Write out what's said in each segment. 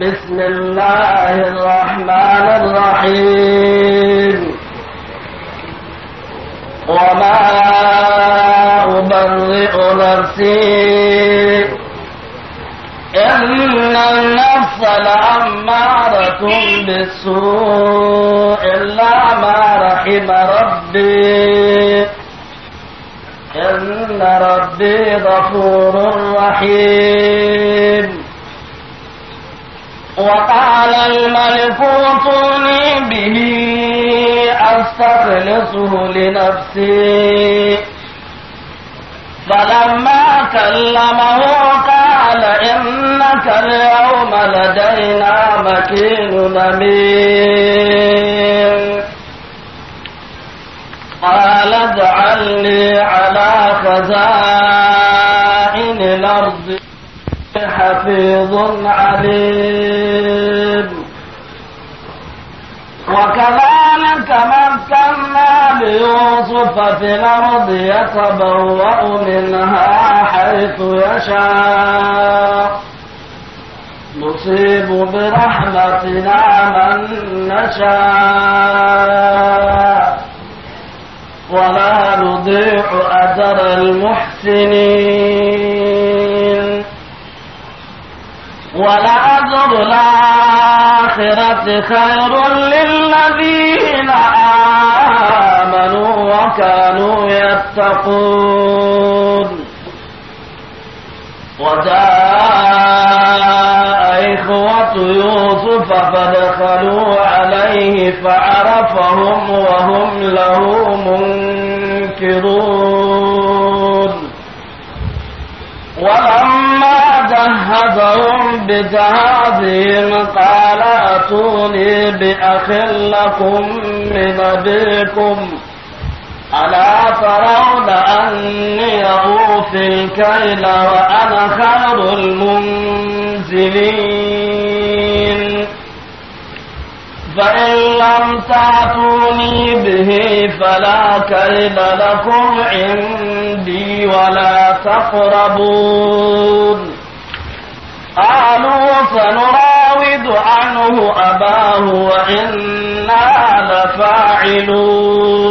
بسم الله الرحمن الرحيم وما أبرئ نفسي إن النفس لأمارة بالسوء إلا ما رحم ربي إن ربي غفور رحيم وقال الملك اوتوني به استخلصه لنفسي فلما كلمه قال انك اليوم لدينا مكين امين قال اجعلني على خزائن الارض حفيظ عليم وكذلك مكنا ليوسف في الأرض يتبوأ منها حيث يشاء نصيب برحمتنا من نشاء ولا نضيع أجر المحسنين ولأجر الآخرة خير للذين آمنوا وكانوا يتقون وجاء إخوة يوسف فدخلوا عليه فعرفهم وهم له منكرون ولما جهزوا بتعظيم قال أتوني بأخ لكم من أبيكم ألا ترون أني أوفي الكيل وأنا خير المنزلين فإن لم تأتوني به فلا كيل لكم عندي ولا تقربون قالوا سنراود عنه أباه وإنا لفاعلون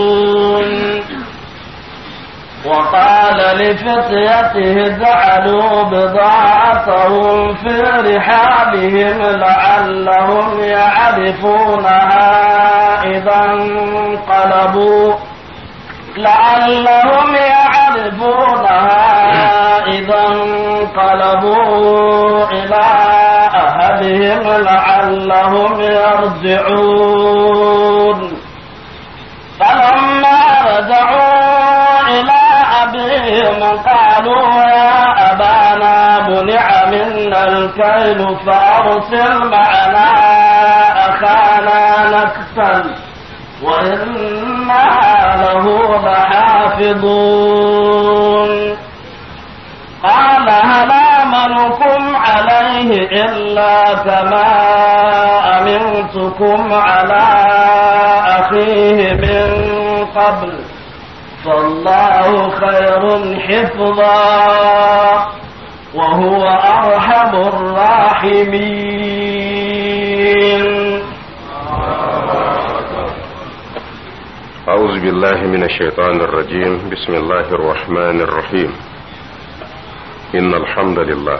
وقال لفتيته اجعلوا بضاعتهم في رحالهم لعلهم يعرفونها إذا انقلبوا لعلهم يعرفونها إذا انقلبوا عليهم لعلهم يرجعون فلما رجعوا إلى أبيهم قالوا يا أبانا منع منا الكيل فأرسل معنا أخانا نكسل وإنا له لحافظون قال هلا منك فيه إلا كما أمنتكم على أخيه من قبل فالله خير حفظا وهو أرحم الراحمين أعوذ بالله من الشيطان الرجيم بسم الله الرحمن الرحيم إن الحمد لله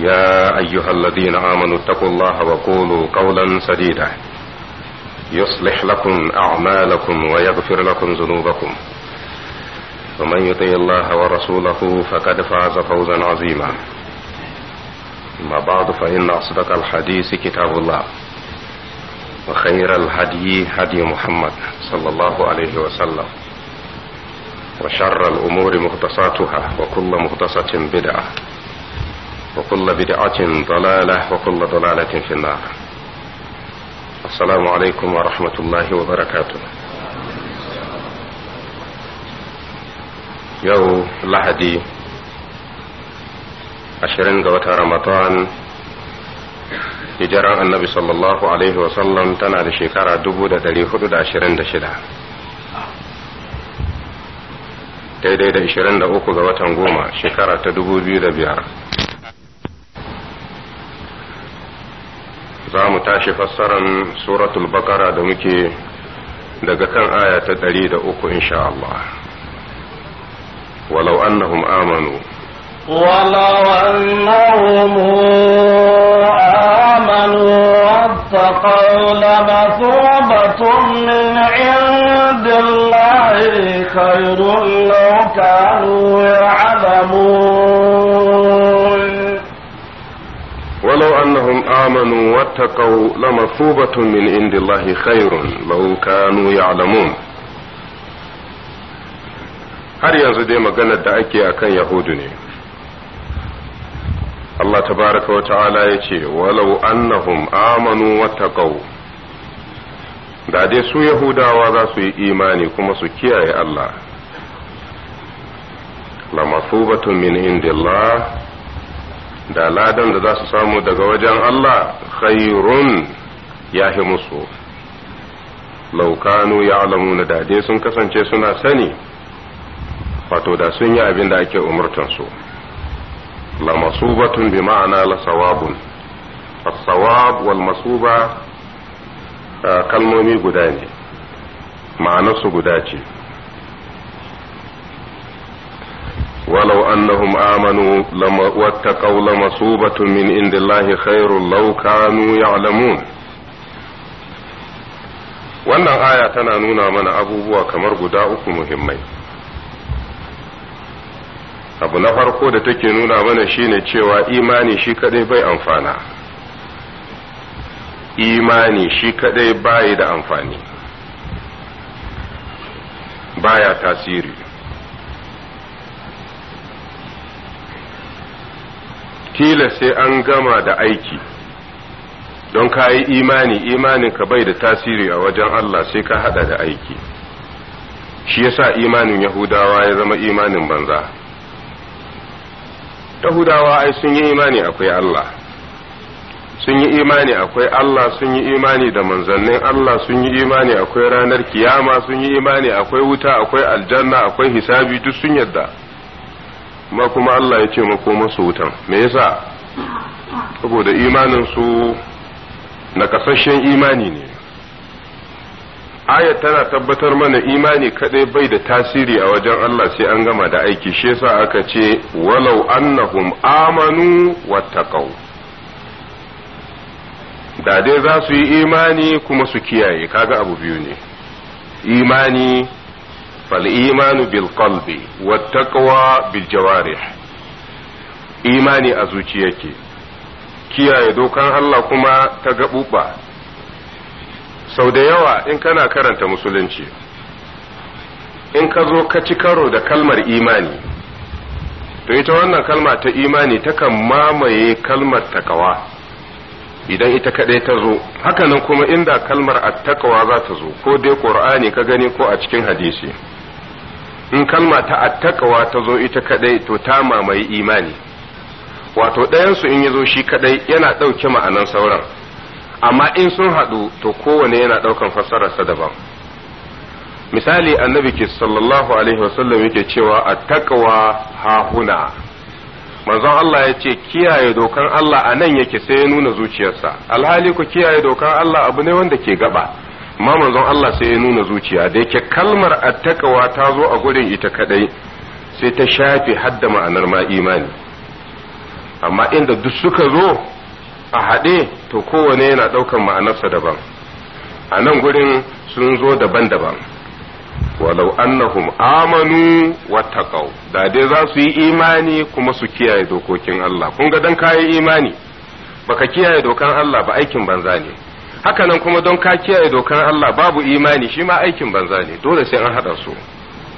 يا ايها الذين امنوا اتقوا الله وقولوا قولا سديدا يصلح لكم اعمالكم ويغفر لكم ذنوبكم ومن يطع الله ورسوله فقد فاز فوزا عظيما ما بعد فان اصدق الحديث كتاب الله وخير الهدي هدي محمد صلى الله عليه وسلم وشر الامور مختصاتها وكل مختصه بدعه وكل بدعة ضلالة وكل ضلالة في النار السلام عليكم ورحمة الله وبركاته يو لحدي عشرين قوة رمضان يجرى النبي صلى الله عليه وسلم تنا لشيكارة دبو دا دلي خدود عشرين دا شدا تيدي دا عشرين دا قوة نقوما شيكارة تدبو بيو za mu tashi fassaran suratul bakara da muke daga kan aya ta ɗari da uku insha Allah walau annahum amanu ولو أنهم آمنوا واتقوا لمثوبة من عند آمنوا واتقوا لمثوبة من عند الله خير لو كانوا يعلمون har yanzu dai maganar da ake a kan yahudu ne Allah tabaraka wa ta'ala ya ce walau annahum amanu wattaqaw da dai su yahudawa za su yi imani kuma su kiyaye Allah la masubatun min indillah da ladan da za su samu daga wajen Allah khairun yahi musu laukanu ya na dade sun kasance suna sani wato da sun yi abin da ake umurtansu la masubatun bi ma'ana la sawabun as-sawab wal masuba ah, kalmomi guda ne ma'anarsu guda ce ولو أنهم آمنوا لما واتقوا لمصوبة من عند الله خير لو كانوا يعلمون wannan aya tana nuna mana abubuwa kamar guda uku muhimmai abu na farko da take nuna mana shine cewa imani shi kadai bai amfana imani shi kadai bai da amfani baya tasiri kila sai an gama da aiki don ka yi imani imanin ka bai da tasiri a wajen Allah sai ka hada da aiki shi yasa imanin yahudawa ya zama imanin banza yahudawa ai sun yi imani akwai Allah sun yi imani akwai Allah sun yi imani da manzannin Allah sun yi imani akwai ranar kiyama sun yi imani akwai wuta akwai aljanna akwai hisabi duk sun yadda ma kuma Allah ya ce makomansu wutan me yasa saboda imanin su kasashen imani ne ayat tana tabbatar mana imani kadai bai da tasiri a wajen Allah sai an gama da aiki shi yasa aka ce walau annahum amanu wattaqau da dai za su yi imani kuma su kiyaye kaga abu biyu ne imani فالإيمان بالقلب والتقوى بالجوارح إيماني أزوجيك kiyaye dokan Allah kuma ta gaɓuɓa sau da yawa in kana karanta musulunci in ka zo ka ci karo da kalmar imani to ita wannan kalma ta imani takan mamaye kalmar takawa idan ita kadai ta zo hakanan kuma inda kalmar attakawa za ta zo ko dai ƙur'ani ka gani ko a cikin hadisi in kalma ta attaqwa ta zo ita kadai to ta mamaye imani wato ɗayansu in ya zo shi kadai yana ɗauke ma'anan sauran amma in sun haɗu to kowane yana ɗaukan fassararsa daban misali annabi ke sallallahu alaihi wasallam yake cewa attaqwa hahuna manzon Allah ya ce kiyaye dokan Allah a nan yake sai ya nuna zuciyarsa alhali ku kiyaye dokan Allah abu ne wanda ke gaba ma manzon Allah sai ya nuna zuciya da yake kalmar attakawa ta zo a gurin ita kadai sai ta shafe hadda ma'anar ma imani amma inda duk suka zo a haɗe to kowane yana ɗaukar ma'anarsa daban a nan gurin sun zo daban-daban walau annahum amanu taqaw da dai za su yi imani kuma su kiyaye dokokin Allah kun ga dan kayi imani baka kiyaye dokan Allah ba aikin banza ne haka nan kuma don ka kiyaye dokan Allah babu imani shi ma aikin banza ne dole sai an haɗa su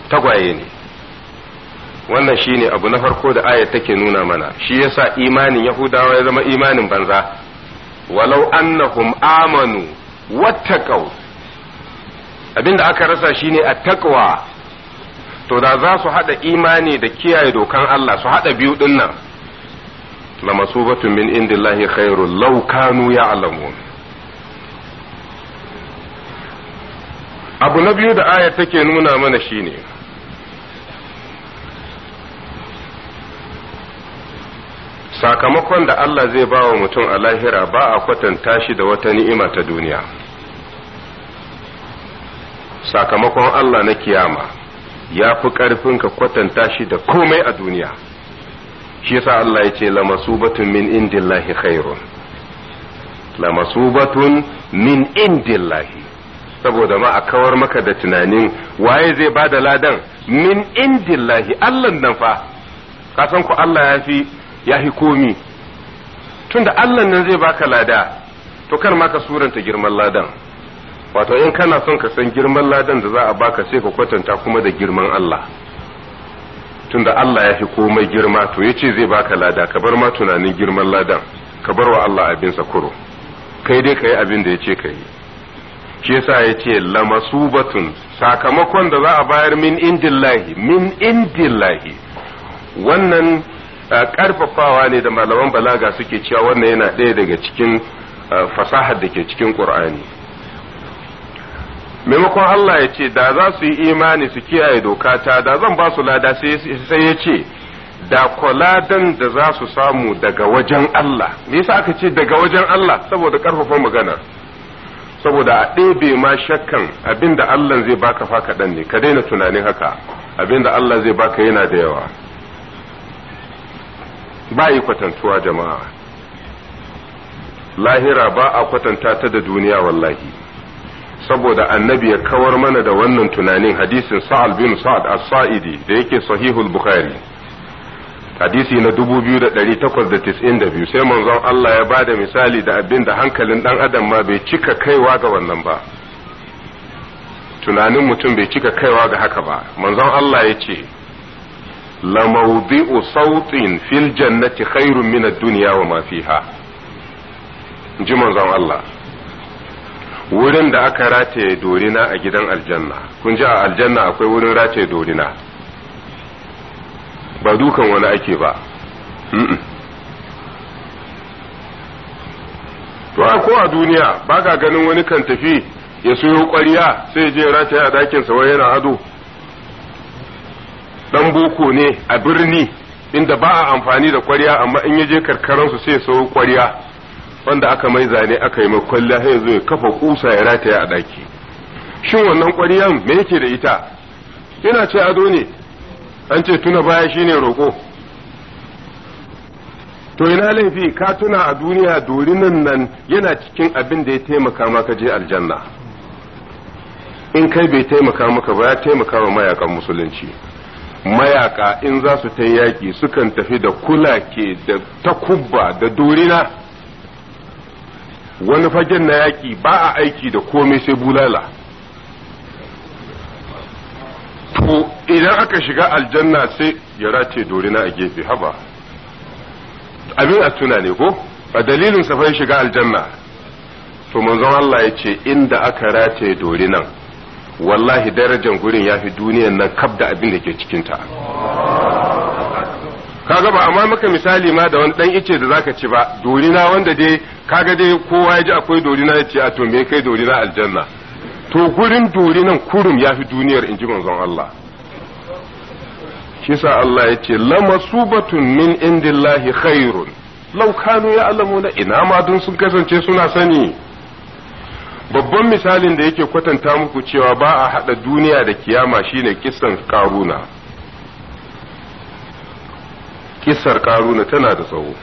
tagwaye ne wannan shine abu na farko da ayat take nuna mana shi yasa imanin yahudawa ya zama imanin banza walau annahum amanu wattaqaw abinda aka rasa shine takwa to da za su hada imani da kiyaye dokan Allah su hada biyu din nan lamasubatun min indillahi khairul law kanu ya'lamun abu na biyu da aya take nuna mana shine sakamakon da Allah zai ba wa mutum a lahira ba a kwatanta shi da wata ni'ima ta duniya sakamakon Allah na kiyama ya fi ƙarfin ka kwatanta shi da komai a duniya shi yasa Allah ya ce lamasubatun min indillahi khairun lamasubatun min indillahi saboda ma a kawar maka da tunanin waye zai ba da ladan min indillahi Allah nan fa ka san ku Allah ya fi ya fi komi tunda Allah nan zai baka lada to kar ma ka suranta girman ladan wato in kana son ka san girman ladan da za a baka sai ka kwatanta kuma da girman Allah tunda Allah ya fi komai girma to yace zai baka lada ka bar ma tunanin girman ladan ka bar wa Allah abin sa kuro kai dai ka yi abin da yace ka yi shi yasa ya ce lamasubatun sakamakon da za a bayar min indillahi min indillahi wannan karfafawa ne da malaman balaga suke cewa wannan yana ɗaya daga cikin fasahar da ke cikin qur'ani maimakon Allah ya ce da za su yi imani su kiyaye dokata da zan ba su lada sai ya ce da kuladan da za su samu daga wajen Allah me yasa aka ce daga wajen Allah saboda karfafa magana. saboda a ɗebe ma shakkan abinda Allah zai baka fa kaɗan ne ka daina tunanin haka abinda Allah zai baka yana da yawa ba yi kwatantuwa jama'a lahira ba a kwatanta ta da duniya wallahi saboda annabi ya kawar mana da wannan tunanin hadisin sa'al bin sa'ad as-sa'idi da yake sahihul bukhari hadisi na 2892 sai manzon Allah ya bada misali da abin da hankalin dan adam ma bai cika kaiwa ga wannan ba tunanin mutum bai cika kaiwa ga haka ba manzon Allah ya ce la mawdi'u sautin fil jannati khairun min ad-dunya wa ma fiha ji manzon Allah wurin da aka rataye dorina a gidan aljanna kun ji a aljanna akwai wurin rataye dorina ba dukan wani ake ba to a ko a duniya ba ka ganin wani kan tafi ya sayo ƙwariya sai je rataya a ɗakinsa wai yana ado dan boko ne a birni inda ba a amfani da ƙwariya amma in ya je karkaransu sai ya so ƙwariya wanda aka mai zane aka yi mai kwalliya sai zo ya kafa kusa ya rataya a daki shin wannan ƙwariyan me yake da ita yana ce ado ne an ce tuna baya shine roƙo to ina laifi ka tuna a duniya dorinan nan yana cikin abin da ya taimaka maka je aljanna in kai bai taimaka maka ba ya taimaka wa mayakan musulunci mayaka in za su ta yaƙi sukan tafi da kulake da takubba da dorina wani fagen na yaƙi ba a aiki da komai sai bulala ko idan aka shiga aljanna sai ya race dorina a gefe haba abin a tuna ne ko a dalilin safai shiga aljanna to manzon Allah ya ce inda aka rataye dorinan wallahi darajar gurin ya fi duniyan nan kab da abin da ke cikinta kaga ba amma maka misali ma da wani dan ice da zaka ci ba dorina wanda dai kaga dai kowa ya ji akwai dorina ya ce a to me kai dorina aljanna to gurin duri nan kurum ya fi duniyar in ji manzon Allah kisa Allah ya ce lamasubatun min indillahi khairun law kanu na ina ma dun sun kasance suna sani babban misalin da yake kwatanta muku cewa ba a hada duniya da kiyama shine kisan karuna kisar karuna tana da tsawo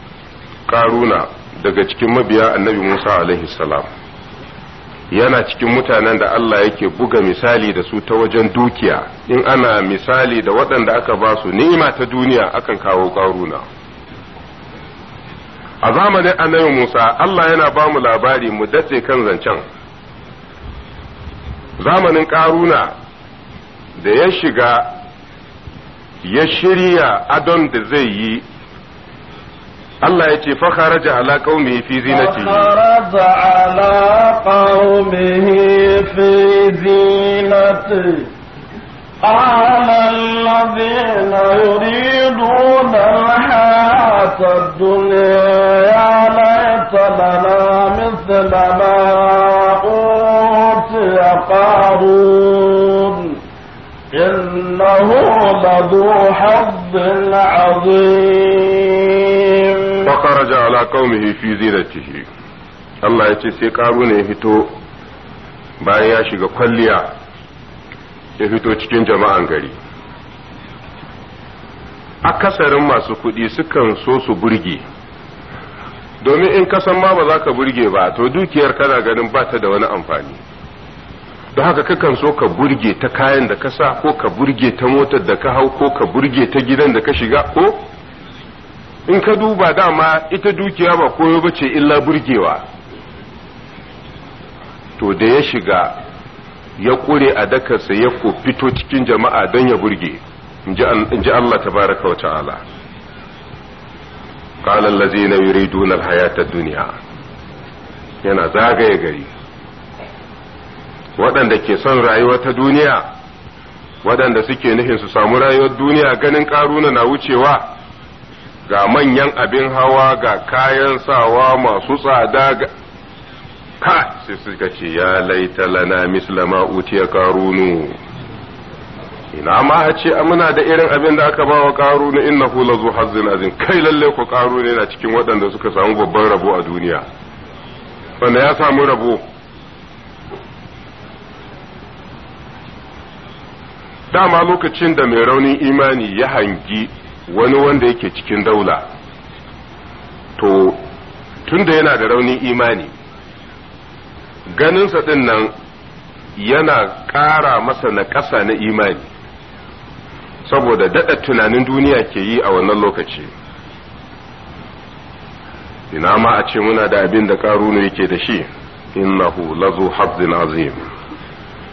karuna daga cikin mabiya annabi Musa alaihi salam yana cikin mutanen da Allah yake buga misali da su ta wajen dukiya in ana misali da waɗanda aka ba su ni'ima ta duniya akan kawo ƙaruna a zamanin annabi Musa Allah yana ba mu labari mu datse kan zancen zamanin ƙaruna da ya shiga ya shirya adon da zai yi الله ya ce fakara ja ala kaume fi zinati fakara ja ala قال الذين يريدون الحياة الدنيا ليت لنا مثل ما أوتي قارون إنه لذو حظ عظيم وخرج على قومه في زينته الله Allah ya ce sai karu ne fito bayan ya shiga kwalliya ya fito cikin jama'an gari akasarin masu kuɗi sukan so su burge domin in kasan ma ba za ka burge ba to dukiyar kana ganin ba ta da wani amfani don haka kakan so ka burge ta kayan da ka sa ko ka burge ta motar da ka hau ko ka burge ta gidan da ka shiga ko in ka duba dama ita dukiya ba koyo ba ce illa burgewa to da ya shiga ya ƙure a dakarsa ya ko fito cikin jama'a don ya burge in ji Allah baraka wa ta'ala lazi na yi alhayata hayatar duniya yana zagaye gari waɗanda ke son rayuwa ta duniya waɗanda suke nufin su samu rayuwar duniya ganin ƙaruna na wucewa ga manyan abin hawa ga kayan sawa masu tsada ga ka sai suka ce ya laita lana misla ma utiya karunu ina ma a ce muna da irin abin da aka bawa karunu hula zu hazzin azin kai lalle ku karunu yana cikin waɗanda suka samu babban rabo a duniya wanda ya samu rabo dama lokacin da mai raunin imani ya hangi wani wanda yake cikin daula to tunda yana da raunin imani ganinsa din nan yana ƙara masa na ƙasa na imani saboda daɗa tunanin duniya ke yi a wannan lokaci ina ma a ce muna da abin da ƙaruna yake da shi innahu lazu hafzin azim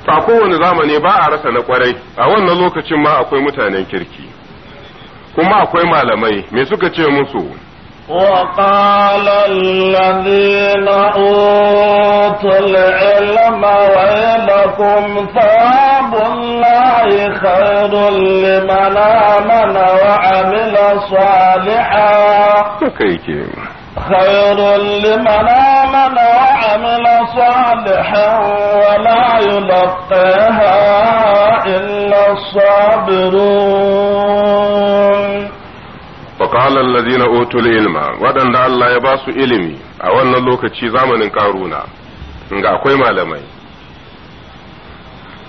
a kowane zamani ba a rasa na kwarai a wannan lokacin ma akwai mutanen kirki kuma akwai malamai me suka ce musu وقال الذين أوتوا العلم ويلكم ثواب الله خير لمن آمن وعمل صالحا خير لمن آمن وعمل صالحا ولا يلقيها إلا الصابرون وقال الذين اوتوا العلم ودن الله باسو علمي wannan lokaci zamanin كارونا inga akwai malamai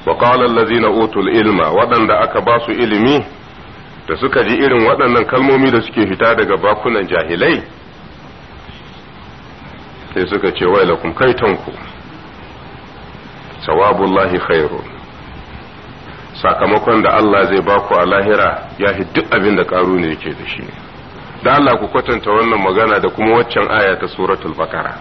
وقال الذين أوتوا العلم ودن basu ilimi da suka ji irin waɗannan kalmomi da suke fita daga bakunan jahilai sai suka ce wai lakum tanku sawabullahi khairu sakamakon da Allah zai baku a lahira ya duk abin da ƙaru ne yake da shi da Allah ku kwatanta wannan magana da kuma waccan aya ta suratul bakara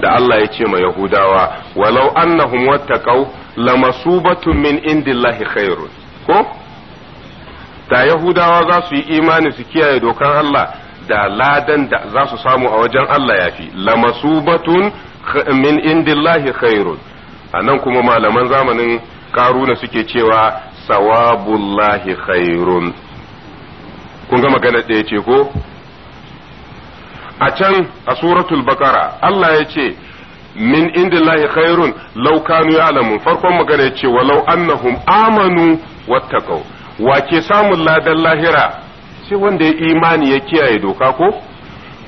da Allah ya ce ma yahudawa walau annahum wattaqau lamasubatun min indillahi khairun ko da yahudawa za su yi imani su kiyaye dokar Allah da ladan da za su samu a wajen Allah yafi lamasubatun min indillahi khairun anan kuma malaman zamanin karuna suke cewa sawabullahi khairun kun ga magana ɗaya ce ko a can a suratul bakara Allah ya ce min lahi khairun law kanu ya'lamun farkon magana ya ce walau annahum amanu wattaqau wa ke samun ladan lahira sai wanda ya imani ya kiyaye doka ko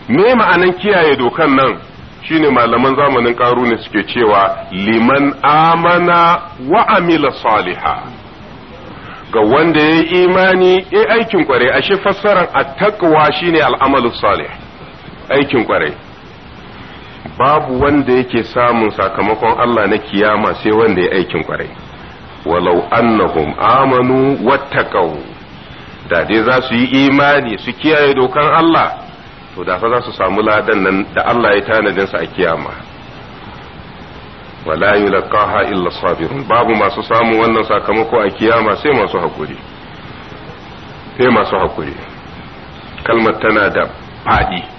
me ma'anan kiyaye dokan nan shine malaman zamanin karuni suke cewa liman amana wa amila saliha ga wanda ya imani ya aikin kware ashe fassarar at-taqwa shine al-amalu salih aikin kwarai babu wanda yake samun sakamakon Allah na kiyama sai wanda ya aikin kwarai walau annahum amanu wattaqau da dai za su yi imani su kiyaye dokan Allah to da fa za su samu ladan nan da Allah ya tanadin su a kiyama wala yulqaha illa sabirun babu masu samun wannan sakamako a kiyama sai masu hakuri sai masu hakuri kalmar tana da faɗi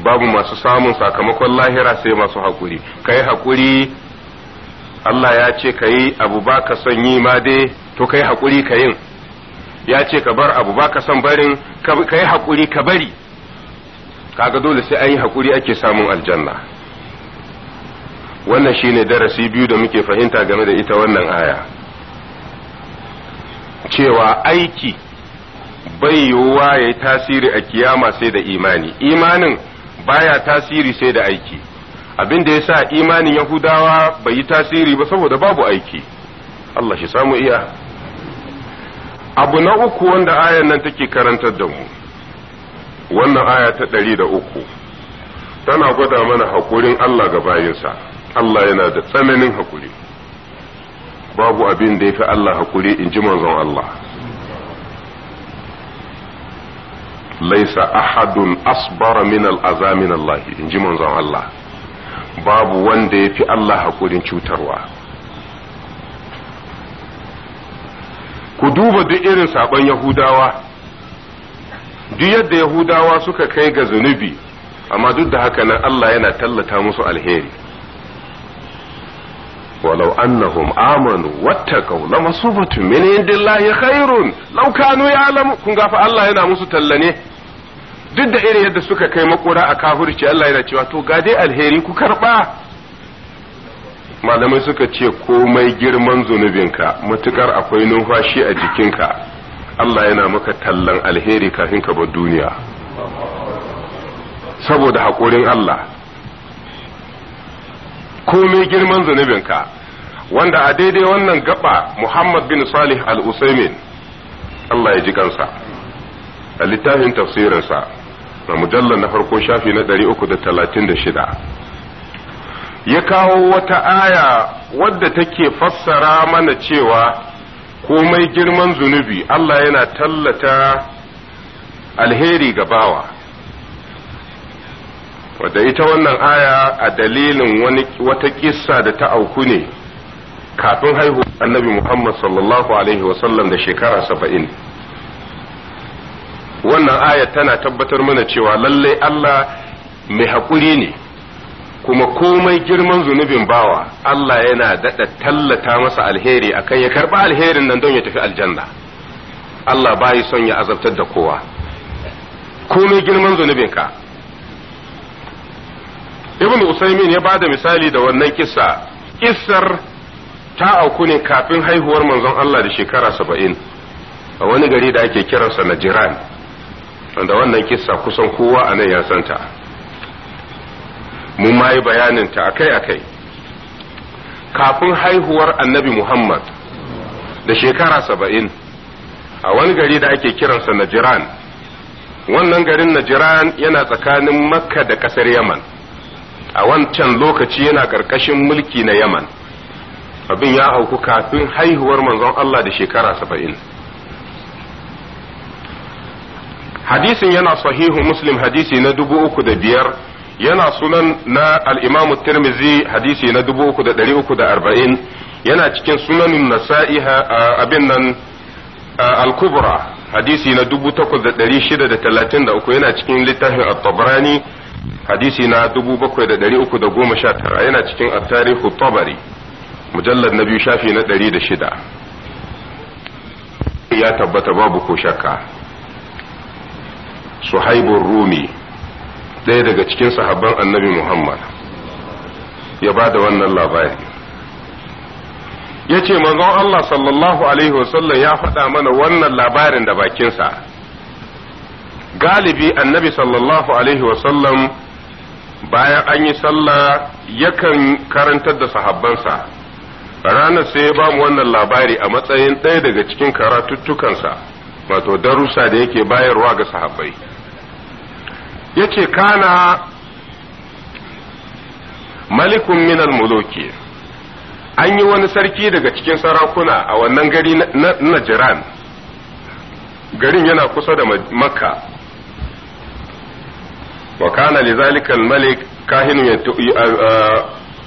babu masu samun sakamakon lahira sai masu haƙuri ka yi haƙuri Allah ya ce ka yi abu ba ka son yi ma dai to ka yi haƙuri ka yin ya ce ka bar abu ba ka son barin ka yi haƙuri ka bari kaga dole sai an yi haƙuri ake samun aljanna wannan shine darasi biyu da muke fahimta game da ita wannan aya cewa aiki bai yiwuwa ya yi tasiri a kiyama sai da imani imanin baya tasiri sai da aiki abin da ya yasa imanin yahudawa bai yi tasiri ba saboda babu aiki Allah shi samu iya abu na uku wanda ayan nan take karantar da mu wannan aya ta ɗari da uku tana gwada mana haƙurin Allah ga bayinsa Allah yana da tsananin haƙuri babu abin da ya fi Allah haƙuri in ji manzon Allah laisa ahadun asbara min al'aza Allah in ji manzon Allah babu wanda ya fi Allah haƙurin cutarwa ku duba duk irin saɓon yahudawa duk yadda yahudawa suka kai ga zunubi amma duk da haka nan Allah yana tallata musu alheri ولو أنهم آمنوا واتقوا لمصوبة من عند الله خير لو كانوا يعلمون كن Allah yana musu talla ne. duk da irin yadda suka kai makora a kafirci Allah yana cewa to ga dai alheri ku karba malamai suka ce komai girman ka matukar akwai numfashi a jikinka Allah yana maka tallan alheri kafin ka bar duniya saboda haƙurin Allah komai girman ka wanda a daidai wannan gaba Muhammad bin Salih al-Usaimin Allah ya ji kansa a littafin tafsirinsa a mujallar na farko shafi na shida ya kawo wata aya wadda take fassara mana cewa komai girman zunubi Allah yana tallata alheri ga bawa wadda ita wannan aya a dalilin wata kisa da ta auku ne kafin haihu annabi Muhammad sallallahu alaihi wasallam da shekara saba'in. wannan ayat tana tabbatar mana cewa lalle Allah mai haƙuri ne kuma komai girman zunubin bawa Allah yana daɗa tallata masa alheri akan ya karɓi alherin nan don ya tafi aljanna Allah bayi son ya azabtar da kowa komai girman zunubinka ibn usaimin ya bada misali da wannan kissa kissar ta auku ne kafin haihuwar manzon Allah da shekara saba'in a wani gari da ake kiransa na jiran wanda wannan kisa kusan kowa a nan ya santa mun ma bayanin ta akai-akai kafin haihuwar annabi muhammad da shekara saba'in a wani gari da ake kiransa najiran wannan garin najiran yana tsakanin makka da ƙasar yaman a wancan lokaci yana ƙarƙashin mulki na yaman abin ya auku kafin haihuwar manzon allah da shekara saba'in hadisin yana sahihu muslim hadisi na dubu uku da biyar yana sunan na al'imamu tirmizi hadisi na dubu uku da ɗari uku da arba'in yana cikin sunanin nasa'i abin nan al-kubra hadisi na dubu takwas da ɗari shida da talatin da uku yana cikin littafin at-tabrani hadisi na dubu bakwai da ɗari uku da goma sha tara yana cikin at mujallar na biyu shafi na da shida ya tabbatar babu ko shaka. suhaibun rumi ɗaya daga cikin sahabban annabi muhammad ya ba da wannan labari ya ce manzon allah sallallahu alaihi wasallam ya faɗa mana wannan labarin da bakinsa galibi annabi sallallahu alaihi wasallam bayan an yi sallah yakan karantar da sahabbansa ranar sai ya mu wannan labari a matsayin ɗaya daga cikin karatuttukansa wato darussa da yake bayarwa ga sahabbai yace kana malikun minal muluki an yi wani sarki daga cikin sarakuna a wannan gari na najiran garin yana kusa da makka wa kana lizalika malik kahinu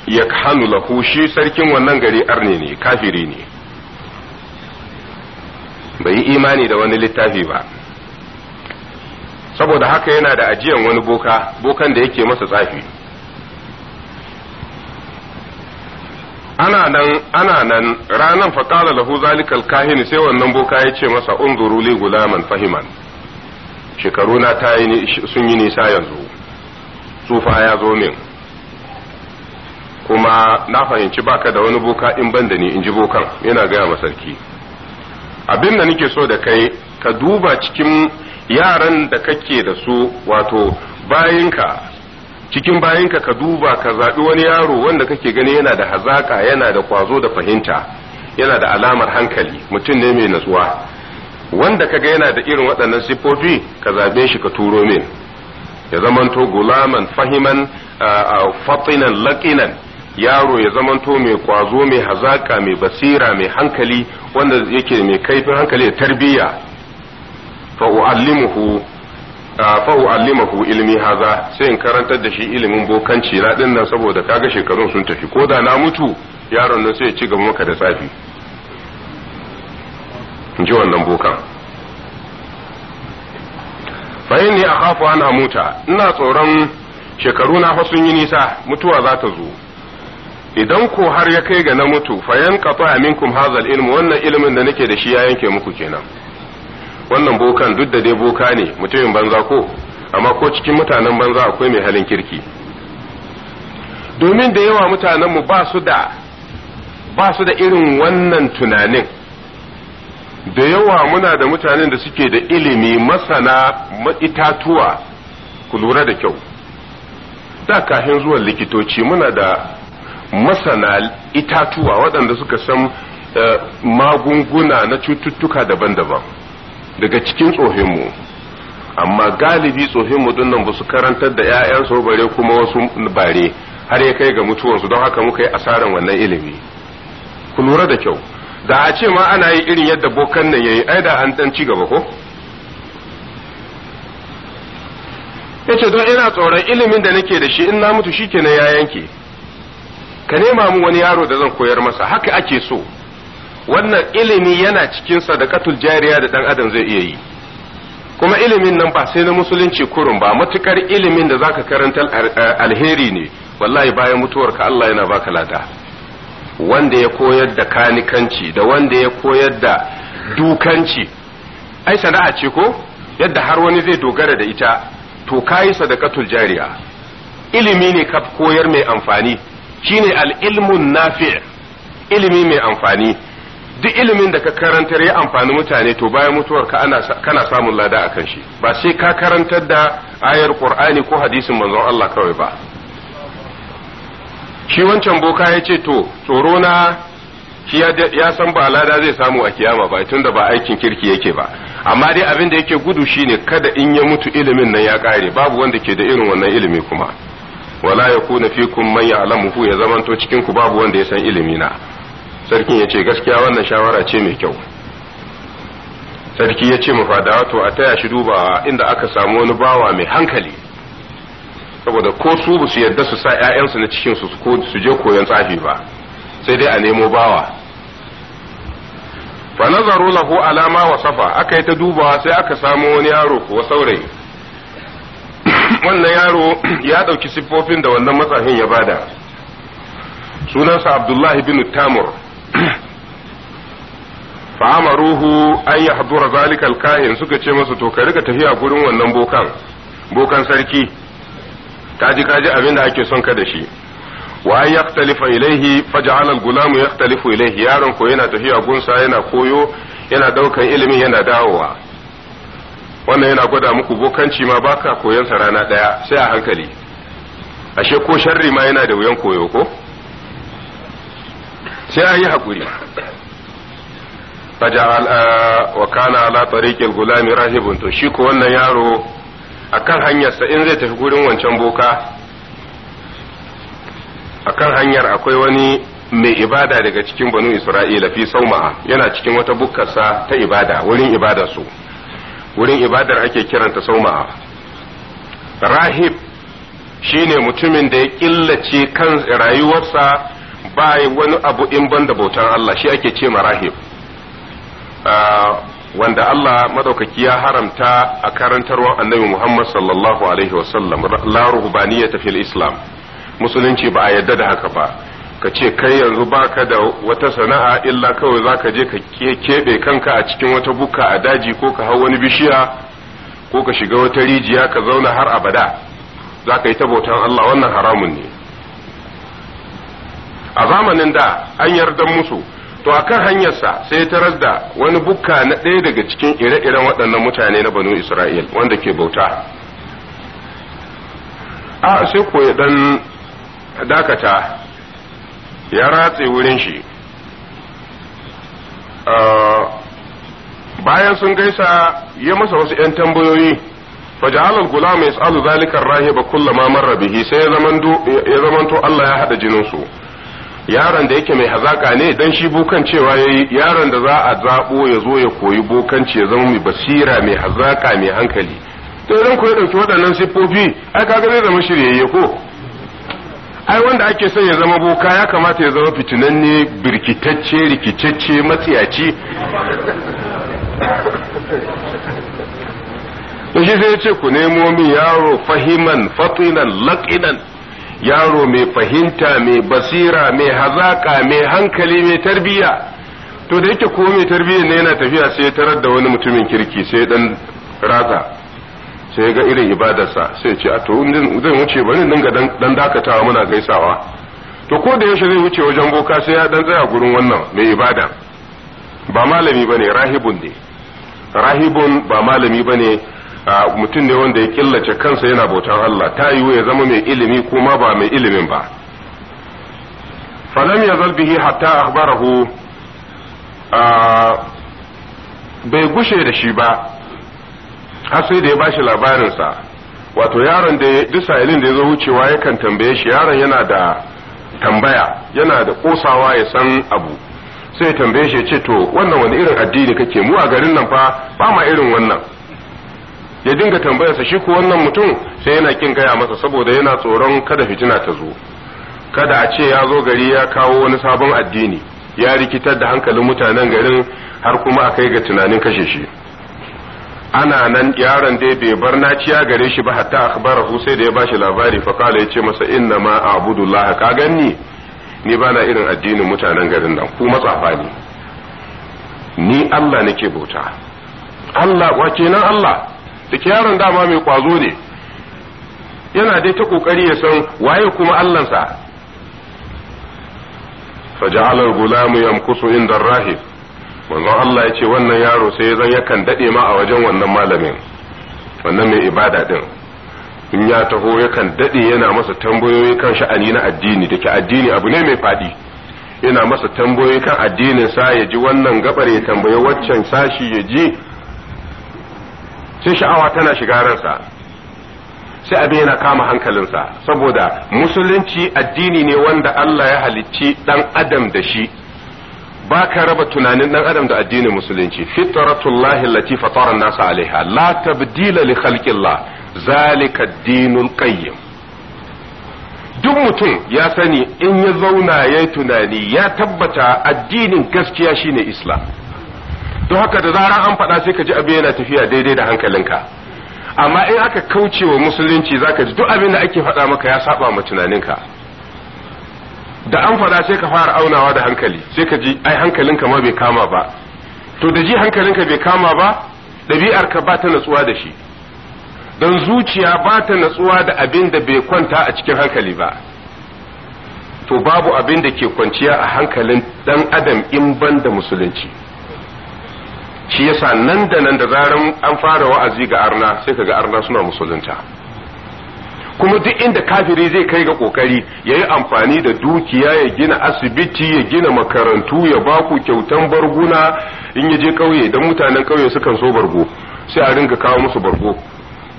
ya kahanu lahu shi sarkin wannan gari arne ne kafiri ne bai yi imani da wani littafi ba saboda haka yana da ajiyan wani boka bokan da yake masa tsafi ana nan ana nan ranan fa qala lahu zalikal kahin sai wannan boka ya ce masa unzuru li gulaman fahiman shekaru na ta yi sun yi nisa yanzu tsufa ya zo min kuma na fahimci baka da wani boka in ban da ni in ji bokan yana gaya masarki abin da nake so da kai ka duba cikin yaran da kake da su wato bayinka cikin bayinka ka duba ka zaɓi wani yaro wanda kake gani yana da hazaka yana da kwazo da fahimta yana da alamar hankali mutum ne mai natsuwa wanda kaga yana da irin waɗannan siffofi ka zaɓe shi ka turo min ya zamanto gulaman fahiman fatinan laƙinan yaro ya zamanto mai kwazo mai hazaka mai basira mai hankali wanda yake mai kaifin hankali da tarbiyya fa u'allimuhu haza sai in karantar da shi ilimin bokanci na nan saboda kaga shekarun sun tafi ko da na mutu yaron nan sai ya ci gaba maka da tsafi in ji wannan bokan fa inni akhafu an amuta ina tsoron shekaru na fa sun yi nisa mutuwa za ta zo idan ko har ya kai ga na mutu fa kafa minkum hazal ilmu wannan ilimin da nake da shi ya yanke muku kenan wannan bokan duk da dai boka ne mutumin banza ko amma ko cikin mutanen banza akwai mai halin kirki domin da yawa mutanenmu ba su da ba su da irin wannan tunanin da yawa muna da mutanen da suke da ilimi masana itatuwa ku lura da kyau da kafin zuwan likitoci muna da masana itatuwa waɗanda suka san eh, magunguna na cututtuka daban-daban daga cikin tsohinmu amma galibi tsohinmu nan ba su karantar da 'ya'yansu bare kuma wasu bare har ya kai ga mutuwansu don haka muka yi asarar wannan ilimi ku lura da kyau da a ce ma ana yi irin yadda bokan nan yayi ai da an dan ci gaba ko yace don ina tsoron ilimin da nake da shi in na mutu shikenan ya yanke ka nema mu wani yaro da zan koyar masa haka ake so wannan ilimi yana cikin sadakatul jariya da dan adam zai iya yi kuma ilimin nan ba sai na musulunci kurun ba matukar ilimin da zaka karanta eh, eh, alheri ne wallahi bayan mutuwarka Allah yana baka lada wanda ya koyar da kanikanci da wanda ya koyar da dukanci ai sana'a ce ko yadda har wani zai dogara da ita to kayi sadakatul jariya ilimi ne ka koyar mai amfani shine al-ilmun nafi' ilimi mai amfani duk ilimin da ka karantar ya amfani mutane to bayan mutuwar ka kana samun lada a kan shi ba sai ka karantar da ayar qur'ani ko hadisin manzon Allah kawai ba shi wancan boka ya ce to tsoro na shi ya san ba lada zai samu a kiyama ba tunda ba aikin kirki yake ba amma dai abin da yake gudu shine kada in ya mutu ilimin nan ya kare babu wanda ke da irin wannan ilimi kuma wala yakuna fikum man ya'lamuhu ya zamanto cikin ku babu wanda ya san ilimi na sarkin ya ce gaskiya wannan shawara ce mai kyau sarki ya ce mafadawa to a taya shi duba inda aka samu wani bawa mai hankali saboda ko su ba su yarda su sa 'ya'yansu na cikin su su je koyon tsafi ba sai dai a nemo bawa fa nazaru lahu alama wa safa aka yi ta dubawa sai aka samu wani yaro kuwa saurayi wannan yaro ya ɗauki siffofin da wannan matsafin ya bada sunansa abdullahi bin tamur fa'amaruhu an yi hadura zalikal kahin suka ce masa to ka rika tafiya gurin wannan bokan bokan sarki kaji kaji abin da ake son ka da shi wa an yaktalifa ilaihi faj'ala al-gulam yaktalifu ilaihi yaron ko yana tafiya gunsa yana koyo yana daukan ilimin yana dawowa wannan yana gwada muku bokanci ma baka koyon sa rana daya sai a hankali ashe ko sharri ma yana da wuyan koyo ko sai an yi haƙuri faja'al wa kana ala tariqil gulami rahibun to shi ko wannan yaro akan hanyarsa in zai tafi gurin wancan boka akan hanyar akwai wani mai ibada daga cikin banu isra'ila fi sauma'a yana cikin wata bukkarsa ta ibada wurin ibadar su wurin ibadar ake kiranta sauma'a rahib shine mutumin da ya killace kan rayuwarsa ba wani abu in ban da bautan Allah shi ake ce marahib ah, wanda Allah madaukaki ya haramta a karantarwa annabi Muhammad sallallahu alaihi wasallam la ta fil islam musulunci ba a yadda da haka ba ka ce kai yanzu baka da wata sana'a illa kawai zaka je ka keɓe kanka a cikin wata buka a daji ko ka hau wani bishiya ko ka shiga wata rijiya ka zauna har abada zaka yi ta bautan Allah wannan haramun ne a zamanin da an yarda musu to a kan hanyarsa sai ta tarar da wani bukka na ɗaya daga cikin ire-iren waɗannan mutane na banu isra'il wanda ke bauta a sai ko ya ɗan dakata ya ratse wurin shi bayan sun gaisa ya masa wasu 'yan tambayoyi فجعل الغلام يسأل ذلك rahiba kullama مر به sai ya zamanto Allah ya haɗa jininsu yaron da yake mai hazaka ne dan shi bukan cewa yayi yaron da za a zabo ya zo ya koyi bokanci ya zama mai basira mai hazaka mai hankali to idan ku ya dauki waɗannan siffofi ai kaga zai zama shiryayye ko ai wanda ake son ya zama boka ya kamata ya zama fitinanne birkitacce rikitacce matsiyaci to shi sai ya ce ku nemo min yaro fahiman fatinan laqinan yaro mai fahimta mai basira mai hazaka mai hankali mai tarbiya to da yake ko mai tarbiya ne yana tafiya sai ya tarar da wani mutumin kirki sai dan ratsa sai ga irin ibadarsa sai ce a to zan wuce bari dinga dan dakatawa muna gaisawa to ko da yaushe zai wuce wajen boka sai ya dan tsaya gurin wannan mai ibada ba malami bane rahibun ne rahibun ba malami bane mutum ne wanda ya killace kansa yana bautan Allah ta yiwu ya zama mai ilimi kuma ba mai ilimin ba falam ya zalbihi hatta akhbarahu bai gushe da shi ba har sai da ya bashi labarinsa wato yaron da duk sa'ilin da ya zo wucewa yakan tambaye shi yaron yana da tambaya yana da kosawa ya san abu sai tambaye shi ya ce to wannan wani irin addini kake mu a garin nan fa ba ma irin wannan ya dinga tambayarsa shi ko wannan mutum sai yana kin gaya masa saboda yana tsoron kada fitina ta zo kada a ce ya zo gari ya kawo wani sabon addini ya rikitar da hankalin mutanen garin har kuma a kai ga tunanin kashe shi ana nan yaron dai bai bar naciya gare shi ba hatta akhbarahu sai da ya bashi labari fa kala yace masa inna ma a'budullaha ka ganni ni bana irin addinin mutanen garin nan ku matsafa ne ni Allah nake bauta Allah wace nan Allah da yaron dama mai kwazo ne yana dai ta kokari ya san waye kuma allansa فجعل الغلام يمكث عند rahib manzon Allah ya ce wannan yaro sai zan yakan daɗe ma a wajen wannan malamin wannan mai ibada ɗin in ya taho yakan daɗe yana masa tambayoyi kan sha'ani na addini dake addini abu ne mai faɗi yana masa tambayoyi kan addinin sa ya ji wannan gabar ya tambayi waccan sashi ya ji sai sha'awa tana shiga ransa sai abin yana kama hankalinsa saboda musulunci addini ne wanda Allah ya halicci dan adam da shi ba ka raba tunanin dan adam da addinin musulunci fitratullahi allati fatara an-nasa alaiha la tabdila li khalqillah zalika ad-dinul qayyim duk mutum ya sani in ya zauna ya tunani ya tabbata addinin gaskiya shine islam don haka da zaran an faɗa sai ka ji abin yana tafiya daidai da hankalinka amma in aka kauce wa musulunci za ka ji duk abin da ake faɗa maka ya saba ma tunaninka da an faɗa sai ka fara aunawa da hankali sai ka ji ai hankalinka ma bai kama ba to da ji hankalinka bai kama ba ɗabi'ar ka ba ta natsuwa da shi don zuciya ba ta natsuwa da abin da bai kwanta a cikin hankali ba to babu abin da ke kwanciya a hankalin dan adam in ban da musulunci shi yasa nan da nan da zaran an fara wa'azi ga arna sai ka ga arna suna musulunta kuma duk inda kafiri zai kai ga kokari yi amfani da dukiya ya gina asibiti ya gina makarantu ya ba ku kyautan barguna in ya je kauye dan mutanen kauye sukan so bargo sai a ringa kawo musu bargo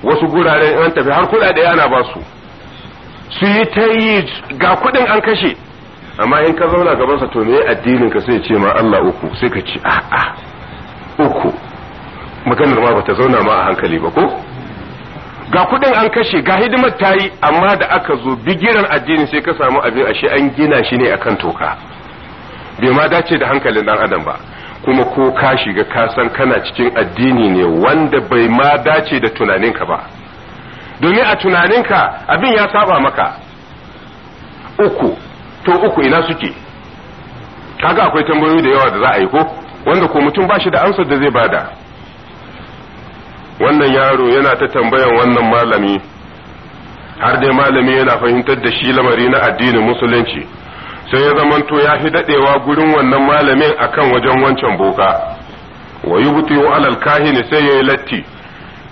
wasu guraren an tafi har kudade ana ba su su yi ta yi ga kuɗin an kashe amma in ka zauna gabansa to me addinin ka sai ce ma Allah uku sai ka ci a'a uku maganar ma bata zauna ma a hankali ba ko ga kudin an kashe ga hidimar ta yi amma da aka zo bigiran addini sai ka samu abin ashe an gina shi ne akan toka bai ma dace da hankalin dan adam ba kuma ko ka shiga ka san kana cikin addini ne wanda bai ma dace da tunaninka ba domin a tunaninka abin ya saba maka uku to uku ina suke kaga akwai tambayoyi da yawa da za a yi ko wanda ko mutum ba shi da amsar da zai bada wannan yaro yana ta tambayan wannan malami har dai malami yana fahimtar da shi lamari na addinin musulunci sai ya zamanto ya fi dadewa gurin wannan malamin akan wajen wancan boka wa alal kahini sai yayi latti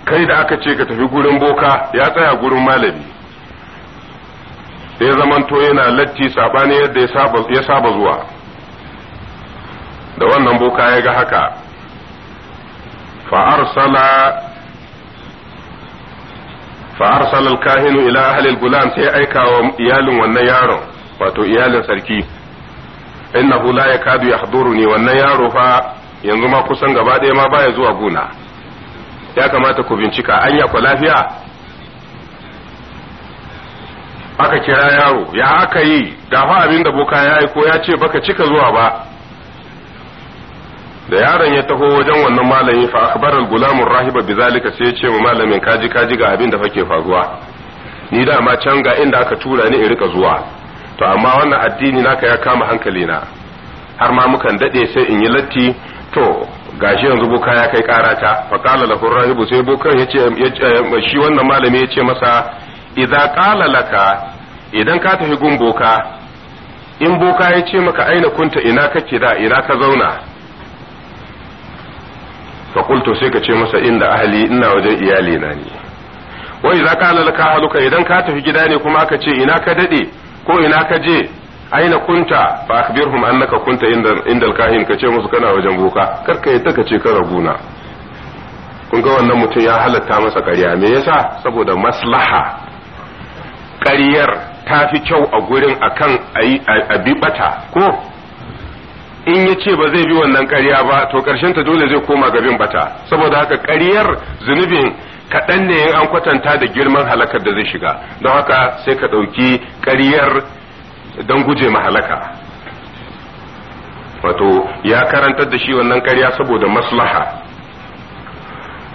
kai da aka ce ka tafi gurin boka ya tsaya gurin malami sai zamanto yana latti sabani yadda ya saba zuwa da wannan boka ya ga haka fa'arsala fa'arsala alkahinu ila ahlil gulam sai aika wa iyalin wannan yaron wato iyalin sarki inna la yakadu ne wannan yaro fa yanzu ma kusan gaba ɗaya ma baya zuwa gona ya kamata ku bincika anya ku lafiya aka kira yaro ya aka yi da abin da boka ya aiko ya ce baka cika zuwa ba da yaron ya taho wajen wannan malami fa akhbara al-gulam rahiba bizalika sai ya ce wa malamin kaji kaji ga abin da fake faruwa ni da ma can ga inda aka tura ni in rika zuwa to amma wannan addini naka ya kama hankali na har ma mukan dade sai in yi latti to gashi yanzu boka ya kai karata fa qala lahu rahibu sai bokan ce shi wannan malami ce masa idza qala laka idan ka tafi gun boka in boka ya ce maka aina kunta ina kake da ina ka zauna fa kulto sai ka ce masa inda ahli ina wajen iyali na ne wai idza ka laka ahluka idan ka tafi gida ne kuma aka ce ina ka dade ko ina ka je aina kunta fa akhbirhum annaka kunta inda inda alkahin ka ce musu kana wajen boka kar ka yadda ka ce ka raguna kun ga wannan mutum ya halatta masa ƙarya me yasa saboda maslaha ƙaryar ta fi kyau a gurin akan a bi bata ko in ya ce ba zai bi wannan ƙarya ba to ta dole zai koma gabin bata saboda haka ƙaryar zunubin kaɗan ne in an kwatanta da girman halakar da zai shiga don haka sai ka ɗauki ƙaryar don guje ma halaka wato ya karantar da shi wannan ƙarya saboda maslaha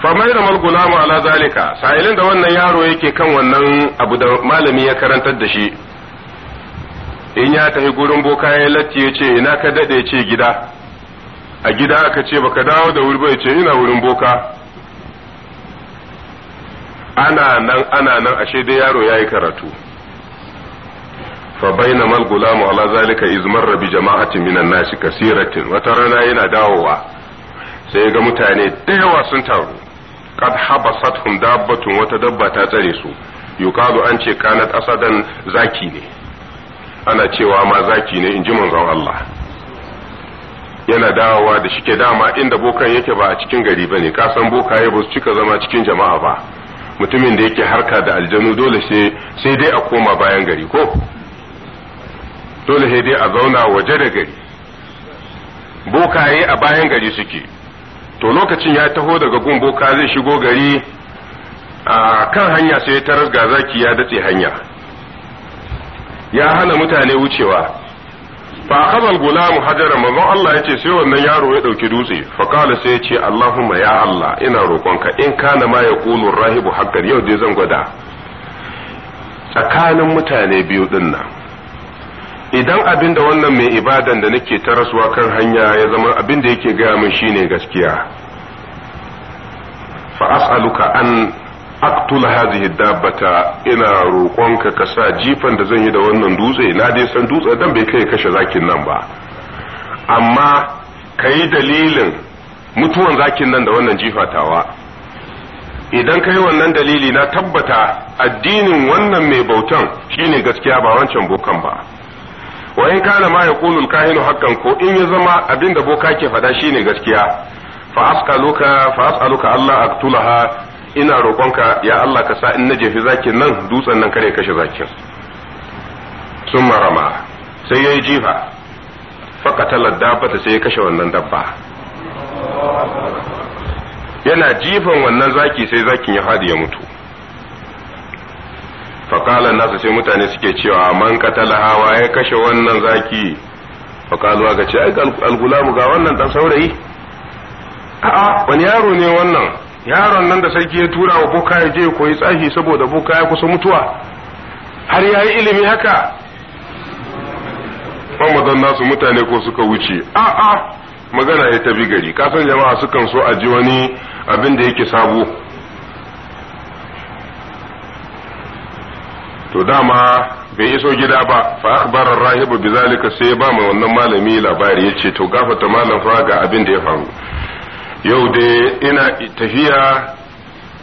famai da malgulamu ala zalika sa'ilin da wannan yaro yake kan wannan abu da malami ya karantar da shi in ya tafi gurin boka ya latti ya ce ina ka daɗe ce gida a gida aka ce baka dawo da wuri ba ya ce ina wurin boka ana nan ana nan ashe dai yaro ya yi karatu fa baina mal gulamu ala zalika izmarra bi jama'atin minan nasi kasiratin wata rana yana dawowa sai ga mutane da sun taru qad habasathum dabbatun wata dabba ta tsare su yuqalu an ce kanat asadan zaki ne ana cewa ma zaki ne in ji manzon Allah yana dawowa da shike dama inda bokan yake ba a cikin gari bane ka san bokaye ba su cika zama cikin jama'a ba mutumin da yake harka da aljanu dole sai dai a koma bayan gari ko dole sai dai a zauna waje da gari bokaye a bayan gari suke to lokacin ya taho daga gun boka zai shigo gari a kan hanya sai ta ga zaki ya datse hanya ya hana mutane wucewa fa akhadha gulamu hajara manzo Allah yace sai wannan yaro ya dauki dutse fa qala sai yace Allahumma ya Allah ina roƙonka in kana ma yaqulu rahibu haqqan yau dai zan gwada tsakanin mutane biyu din idan abin da wannan mai ibadan da nake ta rasuwa kan hanya ya zama abin da yake gaya min shine gaskiya fa as'aluka an aktul hadhihi dabbata ina roƙonka ka sa jifan da zan yi da wannan dutse na dai san dutse dan bai kai kashe zakin nan ba amma kai dalilin mutuwan zakin nan da wannan jifatawa idan kai wannan dalili na tabbata addinin wannan mai bautan shine gaskiya ba wancan bokan ba wa in kana ma yaqulu kahinu haqqan ko in ya zama abinda boka ke fada shine gaskiya fa as'aluka fa as'aluka Allah aktulaha ina roƙonka ya Allah ka sa in na jefi zakin nan dutsen nan kare kashe zakin sun marama sai ya yi jifa faƙatalar dabba sai ya kashe wannan dabba yana jifan wannan zaki sai zakin ya faɗi ya mutu faƙalar nasa sai mutane suke cewa man katala hawa ya kashe wannan zaki fakalu ga ce ai algulamu ga wannan dan saurayi a'a wani yaro ne wannan yaron nan da sarki ya tura wa boka ya je koyi tsahi saboda boka ya kusa mutuwa har ya yi ilimi haka mamadan nasu mutane ko suka wuce a a magana ya tafi gari kasan jama'a sukan so a ji wani abin da yake sabo to dama bai iso gida ba fa akhbara rahibu bizalika sai ba mai wannan malami labari yace to gafata malam fa ga abin da ya faru yau da ina tafiya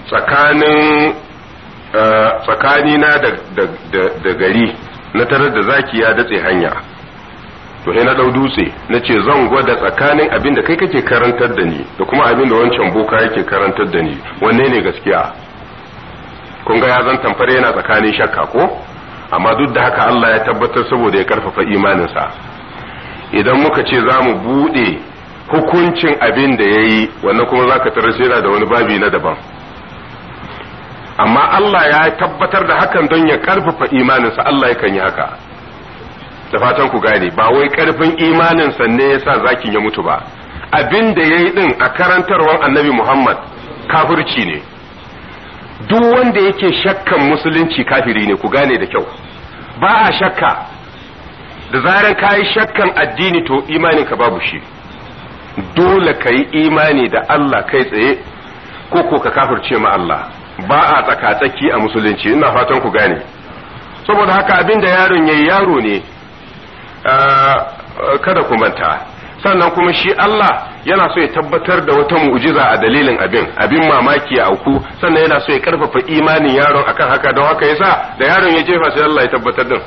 tsakanin eh, tsakanina da gari na tarar da zaki ya datse hanya to sai na ɗau dutse na ce zan gwada tsakanin abin da kai kake karantar da ni da kuma abin da wancan boka yake karantar da ni wanne ne gaskiya kun ga ya zan tamfare yana tsakanin shakka ko amma duk da haka Allah ya tabbatar saboda ya karfafa imaninsa idan muka ce za mu buɗe hukuncin abin da ya yi wannan kuma za ka tarar yana da wani babi na daban amma Allah ya tabbatar da hakan don ya karfafa imaninsa Allah yakan yi haka da fatan ku gane ba wai karfin imaninsa ne ya sa zakin ya mutu ba abin da ya yi din a karantarwar annabi Muhammad kafirci ne duk wanda yake shakkan musulunci kafiri ne ku gane da kyau ba a shakka da zaran ka yi shakkan addini to imaninka babu shi dole ka yi imani da Allah kai tsaye ko ko ka kafirce ma Allah ba a tsaki a musulunci ina fatan ku gane saboda haka abin da yaron yayi yaro ne kada ku manta sannan kuma shi Allah yana so ya tabbatar da wata mu'jiza a dalilin abin abin mamaki a uku sannan yana so ya karfafa imanin yaron akan haka don haka yasa da yaron ya jefa sai Allah ya tabbatar din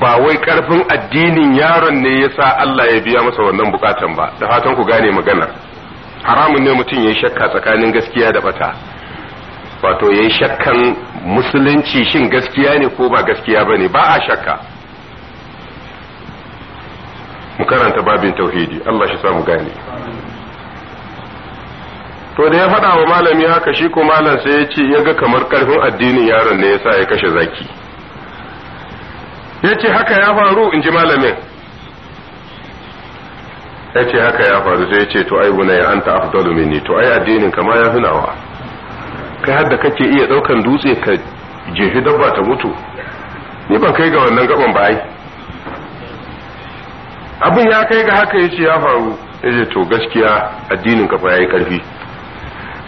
ba wai karfin addinin yaron ne yasa Allah ya biya masa wannan bukatan ba da fatan ku gane magana haramun ne mutum ya shakka tsakanin gaskiya da bata wato ya shakkan musulunci shin gaskiya ne ko ba gaskiya ba ne ba a shakka mu karanta babin tauhidi Allah shi samu gane to da ya faɗa wa malami haka shi ko malam sai ya ce ya ga kamar karfin addinin yaron ne yasa ya kashe zaki ya ce haka ya faru in ji malamin ya ce haka ya faru sai ce to ai ya anta afdalu minni to ai addinin kama ya fi nawa kai har kake iya daukan dutse ka jefi dabba ta mutu ni ban kai ga wannan gaban ba ai abin ya kai ga haka ya ce ya faru ya ce to gaskiya addinin kafa fa yayi karfi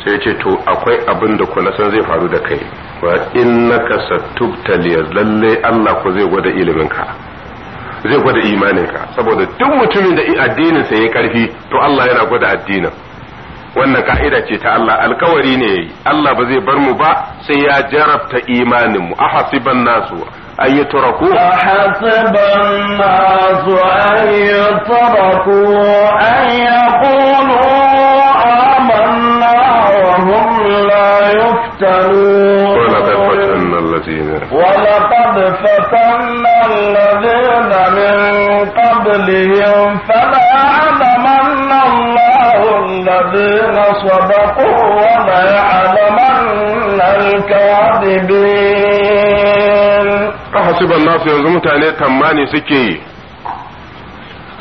sai ya ce to akwai abin da ku na san zai faru da kai wa innaka satubtali lalle Allah ko zai gwada iliminka zai gwada imaninka saboda duk mutumin da addinin sa yayi karfi to Allah yana gwada addinin wannan ka'ida ce ta Allah alkawari ne yayi Allah ba zai bar mu ba sai ya jarabta imanin mu ahasiban nasu an yi turaku ahasiban nasu an yi turaku an yaqulu amanna wa hum la yuftanu الذين ولقد فتنا الذين من قبلهم فليعلمن الله الذين صدقوا وليعلمن الكاذبين أحسب الناس ينظمون تاني تماني سكي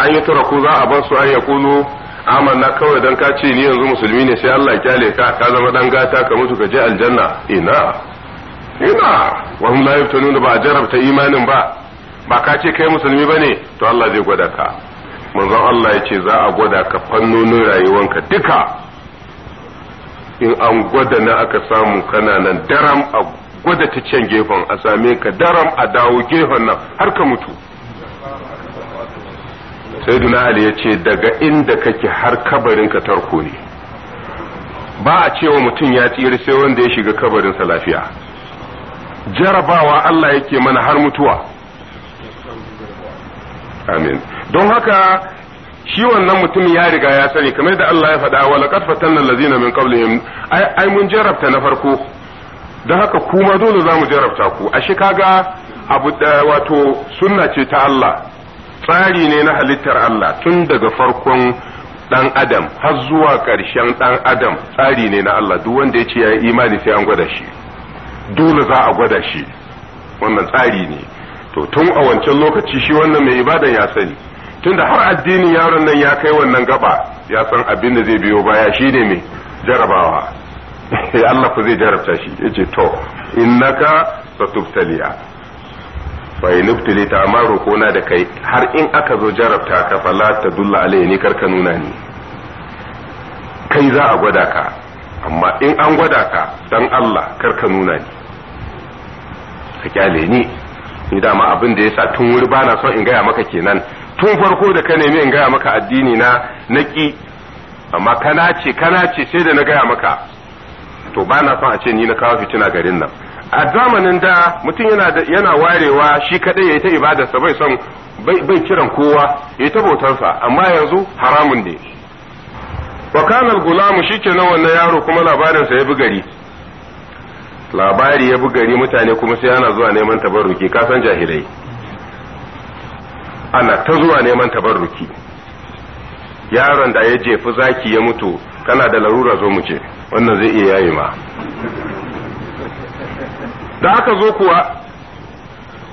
أن يتركوا ذا za a يقولوا su na kawai dan ka ce ni yanzu musulmi ne sai Allah ya kyale ka ka zama dan gata ka mutu ka je aljanna ina ina wa hum la yaftanuna ba jarabta imanin ba ba ka ce kai musulmi bane to Allah zai gwada ka manzon Allah ya ce za a gwada ka fannonin rayuwanka duka in an gwada na aka samu kana nan daram a gwada ta can gefen a same ka daram a dawo gefen nan har ka mutu sayyiduna ali ya ce daga inda kake har kabarin ka tarko ne ba a cewa mutum ya tsira sai wanda ya shiga kabarinsa lafiya jarabawa Allah yake mana har mutuwa amin don haka shi wannan mutum ya riga ya sani kamar da Allah ya faɗa wa fatanna allazina min qablihim ai ai mun jarabta na farko don haka kuma dole za mu jarabta ku ashe kaga abu eh, wato sunna ce ta Allah tsari ne na halittar Allah tun daga farkon dan adam har zuwa ƙarshen dan adam tsari ne na Allah duk wanda ya ce ya imani sai an gwada shi dole za a gwada shi wannan tsari ne to tun a wancan lokaci shi wannan mai ibadan ya sani tunda har addinin yaron nan ya kai wannan gaba ya san abin da zai biyo baya shi ne mai jarabawa sai Allah ku zai jarabta shi yace to innaka satubtaliya fa in ta amma na da kai har in aka zo jarabta ka fala ta dulla alai ne karka nuna ni kai za a gwada ka amma in an gwada ka dan Allah karka nuna ni ka kyale ni ni dama abin da yasa tun wuri bana son in gaya maka kenan tun farko da ka nemi in gaya maka addini na naki amma kana ce kana ce sai da na gaya maka to bana son a ce ni na kawo fitina garin nan a zamanin da mutum yana yana warewa shi kadai yayi ta ibadarsa bai son bai kiran kowa yayi ta bautarsa amma yanzu haramun ne wa kana al-gulam shikenan wannan yaro kuma labarin sa ya bi gari labari ya bi gari mutane kuma sai ana zuwa neman tabarruki ka san jahilai ana ta zuwa neman tabarruki yaron da ya jefi zaki ya mutu kana da larura zo mu ce wannan zai iya yayi ma da aka zo kuwa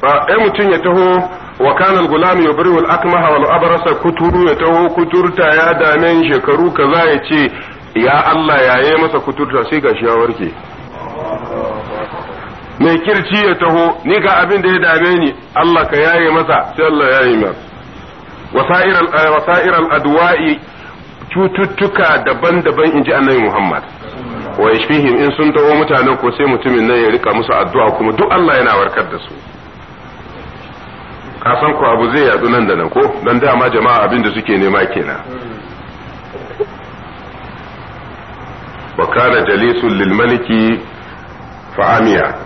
ɗaya mutum ya taho wa kana al-gulam yubrihu wal akmaha wal abrasa kuturu ya taho kuturta ya dame shekaru kaza ya ce ya Allah yaye masa kuturta sai gashi ya warke mai kirci ya taho ni ga abin da ya dame ni Allah ka yaye masa sai Allah yaye masa wasairal eh, wasairal adwa'i cututtuka daban-daban inji annabi Muhammad wa yashfihim in sun taho mutanen ko sai mutumin nan ya rika musu addu'a kuma duk Allah yana warkar da su ka san ko abu zai yadu nan da nan ko dan dama jama'a abin da suke nema kenan wa kana jalisul lil maliki fa'amiya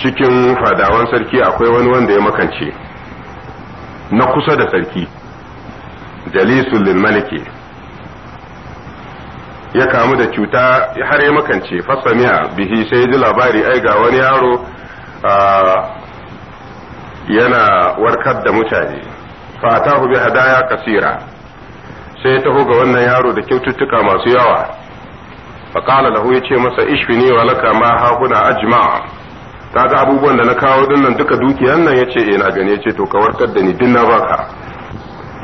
cikin fadawan sarki akwai wani wanda ya makance na kusa da sarki jalisul lil maliki ya kamu da cuta har ya makance fasamiya bihi sai ji labari ai ga wani yaro yana warkar da mutane fatahu bi hadaya kasira sai ya taho ga wannan yaro da kyaututtuka masu yawa qala lahu yace masa ishfini wa laka ma hakuna ajma' kaga abubuwan da na kawo dinnan duka dukiyan nan yace eh na gani yace to ka warkar da ni din na baka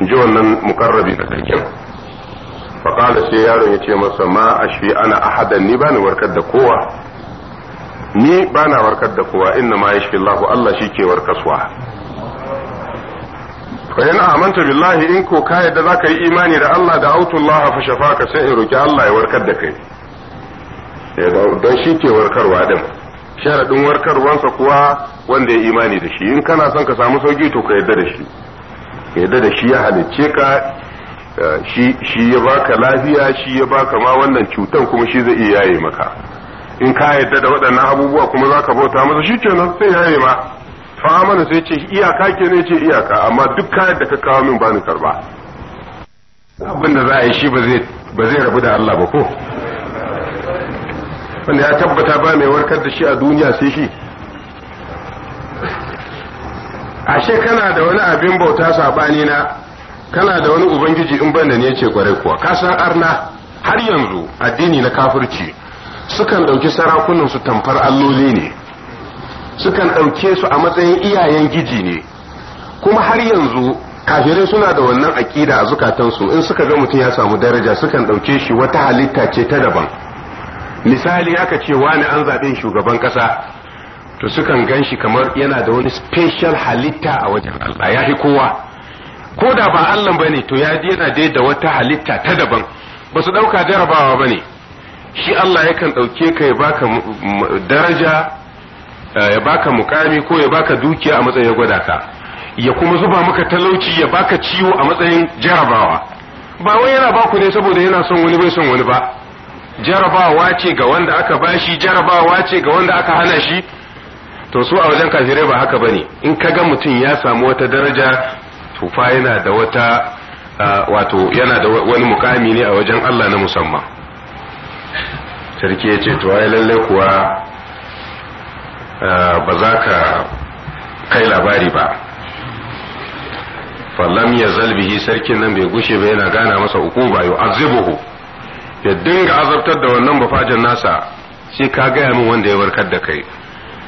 in ji wannan mukarrabi da sarkin fa qala sai yaron yace masa ma ashi ana ahadan ni bani warkar da kowa ni bana warkar da kowa inna ma yashfi Allah Allah shike warkaswa fa yana amanta billahi in ko ka yadda zaka yi imani da Allah da autullah fa shafaka sai in roki Allah ya warkar da kai don shi ke warkarwa din sharadin warkarwansa kuwa wanda ya imani da shi in kana son ka samu sauki to ka yarda da shi yarda da shi ya halicce ka eh, shi shi ya baka lafiya shi ya baka ma wannan cutan kuma shi zai iya yaye maka in ka yarda da waɗannan abubuwa kuma zaka bauta masa shi kenan sai yaye ma fa amana sai ce iyaka ke ne ce iyaka amma duk kayan da ka kawo min bani karba abinda za a yi shi ba zai rabu da Allah ba ko wanda ya tabbata ba mai warkar da shi a duniya sai shi ashe kana da wani abin bauta sabani na kana da wani ubangiji in da ne ce kwarai kuwa ka arna har yanzu addini na kafirci sukan ɗauki sarakunan su tamfar alloli ne sukan ɗauke su a matsayin iyayen giji ne kuma har yanzu kafirai suna da wannan aƙida a zukatansu in suka ga mutum ya samu daraja sukan ɗauke shi wata halitta ce ta daban misali aka ce wani an zaɓe shugaban ƙasa to sukan gan shi kamar yana da wani special halitta a wajen Allah ya fi kowa ko da ba Allah ne to ya yana da wata halitta ta daban ba su ɗauka jarabawa bane shi Allah yakan ɗauke ka ya baka daraja eh, ya baka mukami ko ya baka dukiya a matsayin ya gwada ka ya kuma zuba maka talauci ya baka ciwo a matsayin jarabawa ba wai yana baku ne saboda yana son wani bai son wani ba jarabawa ce ga wanda aka bashi jarabawa ce ga wanda aka hana shi to su a wajen kafirai ba haka bane in kaga mutum ya samu wata daraja to fa yana da wata wato yana da wani mukami ne a wajen Allah na musamman sarki ya ce to ai lalle kuwa ba za ka kai labari ba falam ya zalbihi sarkin nan bai gushe ba yana gana masa uku ba yu'azzibuhu ya dinga azabtar da wannan bafajin nasa sai ka gaya min wanda ya warkar da kai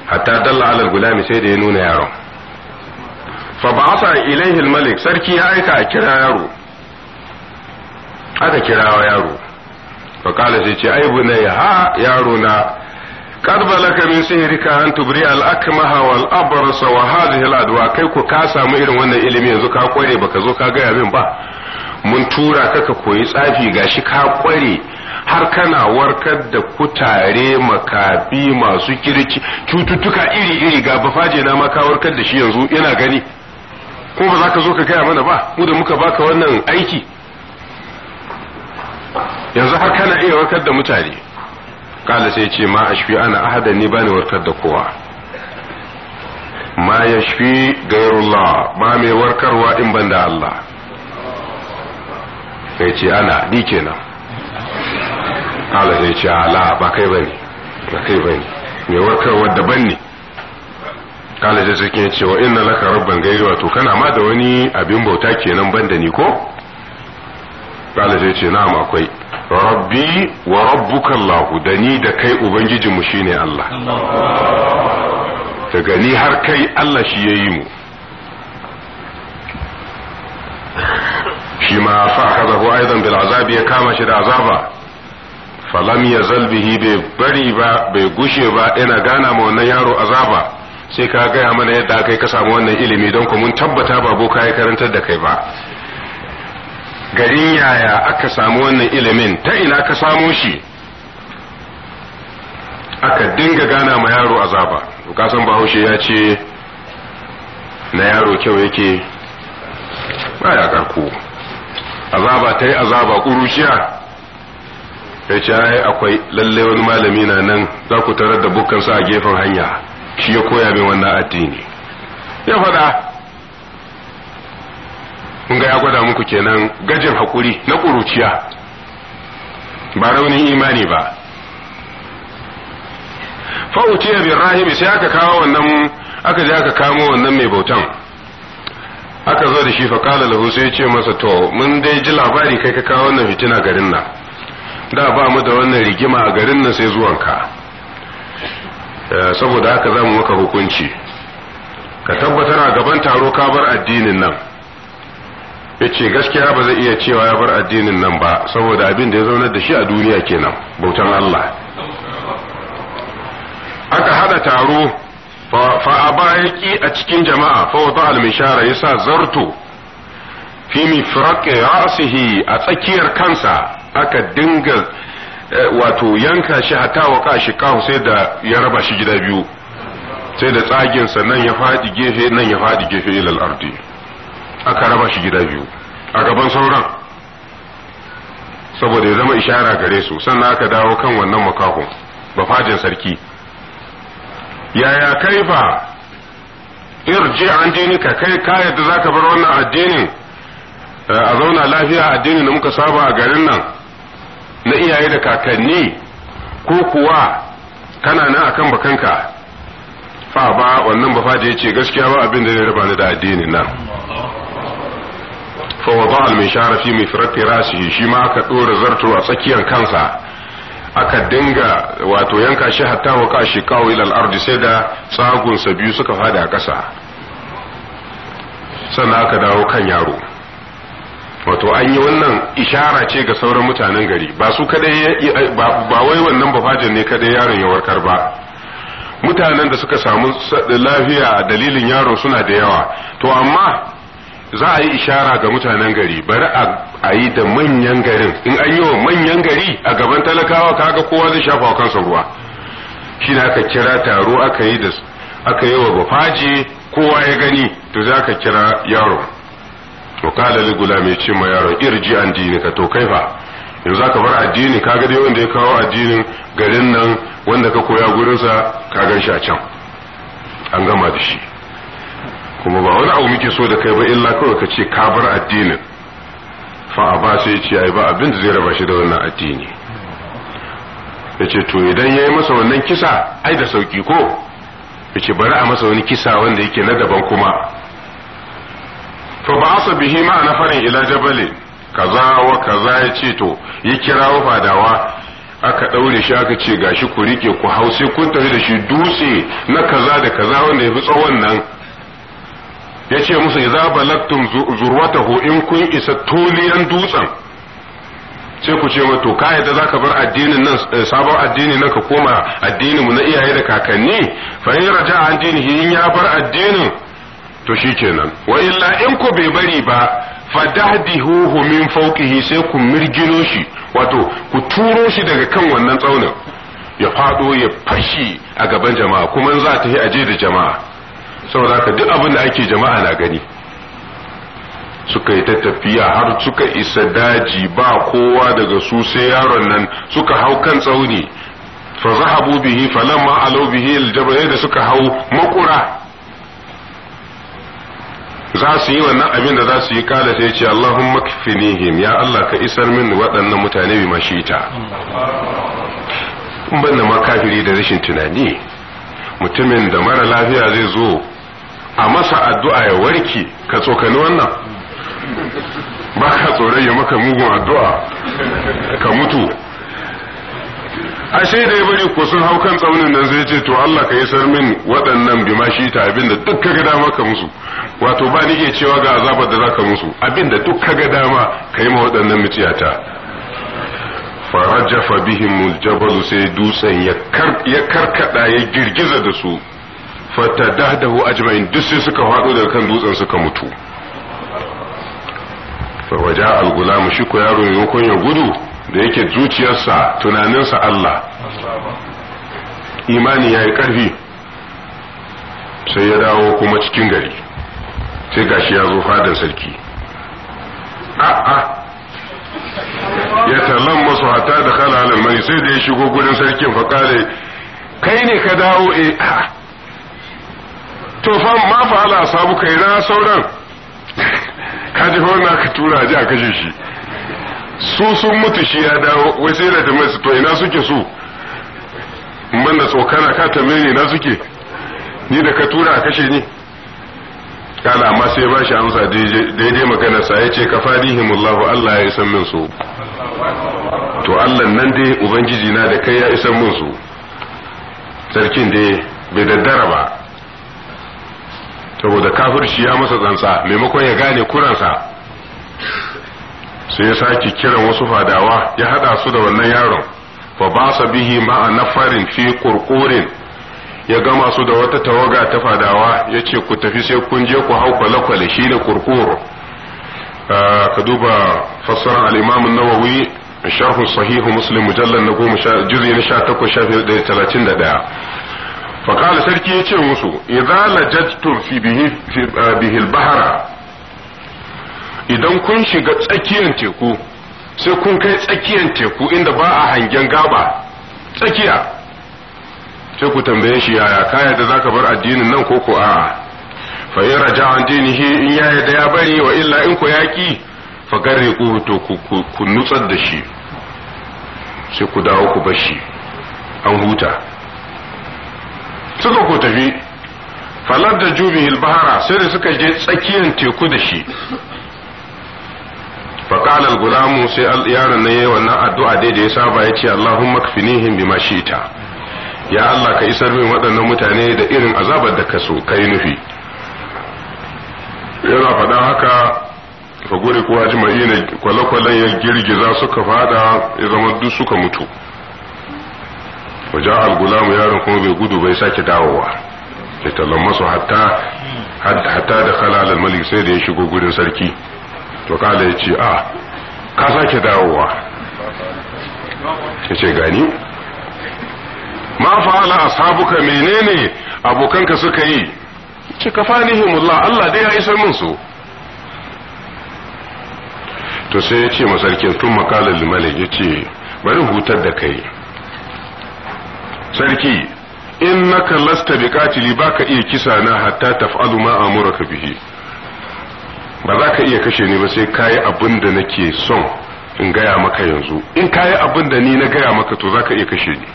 hatta dalla alal gulami sai da ya nuna yaron fa ba'asa ilaihi malik sarki ya aika a kira yaro aka kirawa yaro fa kala sai ce ai bunai ha yaro na an tubri al سحرك wal abrasa wa hadhihi al adwa kai ku ka samu irin wannan ilimi yanzu ka kware baka zo ka gaya min ba mun tura ka ka koyi tsafi gashi ka kware har kana warkar da kutare makafi masu kirki cututtuka iri-iri ga bafaje na maka warkar da shi yanzu yana gani ko ba za ka zo ka gaya mana ba mu da muka baka wannan aiki yanzu har kana iya warkar da mutane kala sai ce ma ashfi ana ahada ni bani warkar da kowa ma ya yashfi gairullah ba mai warkarwa in banda Allah ya ce ana ni kenan ya ce ala ba kai bane ba kai bane mai warkarwa daban ne kala zai suke cewa inna laka rabban gairi wato kana ma da wani abin bauta kenan banda ni ko kala zai ce na'am akwai rabbi wa rabbuka Allah da ni da kai ubangijinmu shine Allah daga ni har kai Allah shi ya yi mu shi ma fa kaza ko bil azabi ya kama shi da azaba falam ya zalbihi bai bari ba bai gushe ba ina gana ma wannan yaro azaba sai ka gaya mana yadda kai ka samu wannan ilimi don ku mun tabbata ba boka ya karantar da kai ba garin yaya aka samu wannan ilimin ta ina ka samo shi aka dinga gana ma yaro azaba kasan bahaushe ya ce na yaro kyau yake baya garko azaba ta yi azaba kurushiya ya ce ai akwai lalle wani malami na nan za ku tarar da bukkansa a gefen hanya shi ya koya min wannan addini ya faɗa kun ga ya gwada muku kenan gajin hakuri na kuruciya ba raunin imani ba uciya bin rahimi sai aka kawo wannan aka je aka kamo wannan mai bautan aka zo da shi fa kala lahu sai ce masa to mun dai ji labari kai ka kawo wannan fitina garin nan da ba mu da wannan rigima a garin nan sai zuwan ka eh, saboda haka za mu maka hukunci ka tabbatar a gaban taro ka bar addinin nan ya ce gaskiya ba zai iya cewa ya bar addinin nan ba saboda abin da ya zaunar da shi a duniya kenan bautan Allah aka hada taro fa baya ki a cikin jama'a fa wata almishara yasa zarto fi mifraq ra'sihi a tsakiyar kansa aka dinga eh, wato yanka shi hata wa kashi kahu sai da ya raba shi gida biyu sai da tsaginsa nan ya fadi gefe nan ya fadi gefe ilal ardi aka raba shi gida biyu a gaban sauran saboda ya zama ishara gare su sannan aka dawo kan wannan makahon fajin sarki yaya kai fa irji an ka kai ka yadda za ka bar wannan addinin eh, a zauna lafiya addinin da muka saba a garin nan na iyaye da kakanni ko kuwa kana nan akan bakanka fa ba wannan ba fa da yace gaskiya ba abin da ya raba ni da addinin nan fa wada al mishara fi mifrati rasihi shi ma aka dora zarto a tsakiyar kansa aka dinga wato yanka shi hatta wa ka shi kawo ilal ardi sai da tsagunsa biyu suka fada a ƙasa sannan aka dawo kan yaro wato an yi wannan ishara ce ga sauran mutanen gari ba su kadai ba wai wannan bafajin ne kadai yaron ya warkar ba mutanen da suka samu lafiya dalilin yaro suna da yawa to amma za a yi ishara ga mutanen gari bari a yi da manyan garin in an yi wa manyan gari a gaban talakawa kaga kowa zai shafa kansa ruwa shi na aka kira taro aka yi da aka yi wa bafaji kowa ya gani to za ka kira yaron to kala li gulami ce ma yaron irji addini ka to kaifa yanzu ka bar addini kaga dai wanda ya kawo addinin garin nan wanda ka koya gurinsa ka gan shi a can an gama da shi kuma ba wani abu muke so da kai ba illa kawai ka ce ka bar addinin fa a ba sai ce ai ba abin da zai raba shi da wannan addini Yace to idan ya yi masa wannan kisa ai da sauki ko ya bari a masa wani kisa wanda yake na daban kuma fa ba asa bihi na farin ila jabali kaza wa kaza ya ce to ya wa fadawa aka ɗaure shi aka ce gashi ku rike ku hau sai kun tafi da shi dutse na kaza da kaza wanda ya fi tsawon nan ya ce musu idza balagtum zurwatahu in kun isa toliyan dutsen sai ku ce ma ka yadda ka bar addinin nan eh, sabon addini nan ka koma addinin mu na iyaye da kakanni fa in raja an shi in ya bar addinin to shikenan wa illa in ku bai bari ba fadahdihuhu min fawqihi sai ku mirgino shi wato ku turo shi daga kan wannan tsaunin ya fado ya fashi a gaban jama'a kuma za ta yi aje da jama'a saboda ka duk abin da ake jama'a na gani suka yi ta tafiya har suka isa daji ba kowa daga su sai yaron nan suka hau kan tsauni fa zahabu bihi falamma alau bihi aljabal da suka hau makura za su yi wannan abin da za su yi kala sai ce Allahumma kfinihim ya Allah ka isar min waɗannan mutane bi mashita in banda ma da rashin tunani mutumin da mara lafiya zai zo a masa addu'a ya warke ka tsokani wannan ba ka tsoron ya maka mugun addu'a ka mutu ashe da ya bari ku sun hau kan tsaunin nan zai ce to Allah ka sar min waɗannan bima shi ta abin da duk kaga dama ka musu wato ba nike cewa ga azabar da zaka musu abin da duk kaga dama ka yi ma waɗannan mutiyata farajafa bihim muljabalu sai dutsen ya karkada ya girgiza da su hu ajma'in duk sai suka faɗo da kan dutsen suka mutu fa waja al-gulam shi ko yaro yankon ya gudu da yake zuciyarsa tunaninsa Allah imani yayi karfi sai ya dawo kuma cikin gari sai gashi ya zo fadan sarki a'a ya masu hatta da kala halin sai da ya shigo gurin sarkin faƙale kai ne ka dawo eh to fa ma ala samu kai na sauran ka ji na ka tura ji a kashe shi su sun mutu shi ya dawo wai sai da mai su to ina suke su man da tsokana ka ta ni na suke ni da ka tura a kashe ni kala amma sai ba shi amsa daidai magana sa ya ce ka fadihimullahu Allah ya isan min su to Allah nan dai ubangiji na da kai ya isan min su sarkin dai bai daddara ba saboda kafirci ya masa tsantsa maimakon ya gane kuransa sai ya sake kiran wasu fadawa ya hada su da wannan yaron fa ba sa bihi a nafarin fi kurkurin ya gama su da wata tawaga ta fadawa ya ce ku tafi sai kun je ku hau kwale-kwale shi da kurkur ah, ka duba fassarar al'imamun nawawi sharhu sahihu muslim mujallar na goma juzi sha takwas shafi da ɗaya faƙala sarki ya ce musu idza bahara idan kun shiga tsakiyar teku sai kun kai tsakiyar teku inda ba a hangen gaba tsakiya sai ku tambaye shi yaya kaya da zaka bar addinin nan ko ko a'a fa in raja in ya yarda ya bari wa illa in ku yaki fa garre ku to ku nutsar da shi sai ku dawo ku bar shi an huta suka ko tafi falar da jubi bahara sai da suka je tsakiyar teku da shi faƙalar gulamu sai yaron na yi wannan addu'a dai da ya saba ya ce Allahumma kfinihim bima shi'ta ya Allah ka isar min waɗannan mutane da irin azabar da ka so kai nufi yana faɗa haka ka gure ko jima'i na kwale-kwalen ya girgiza suka fada ya zama duk suka mutu wajen algulamu yaron kuma bai gudu bai sake dawowa ya tallammasu hatta hatta da kalalal malik sai da ya shigo gurin sarki to kala ya ce a ah, ka sake dawowa ya ce gani ma fa'ala ashabuka menene abokanka suka yi ce kafanihimullah Allah dai ya isa min su to sai ya ce masarkin tun makalar malik ya ce bari hutar da kai sarki in naka lasta ba baka iya kisa na hatta taf'alu ma amuraka bihi ba za ka iya kashe ni ba sai kayi abin da nake son in gaya maka yanzu in kayi abin da ni na gaya maka to za ka iya kashe ni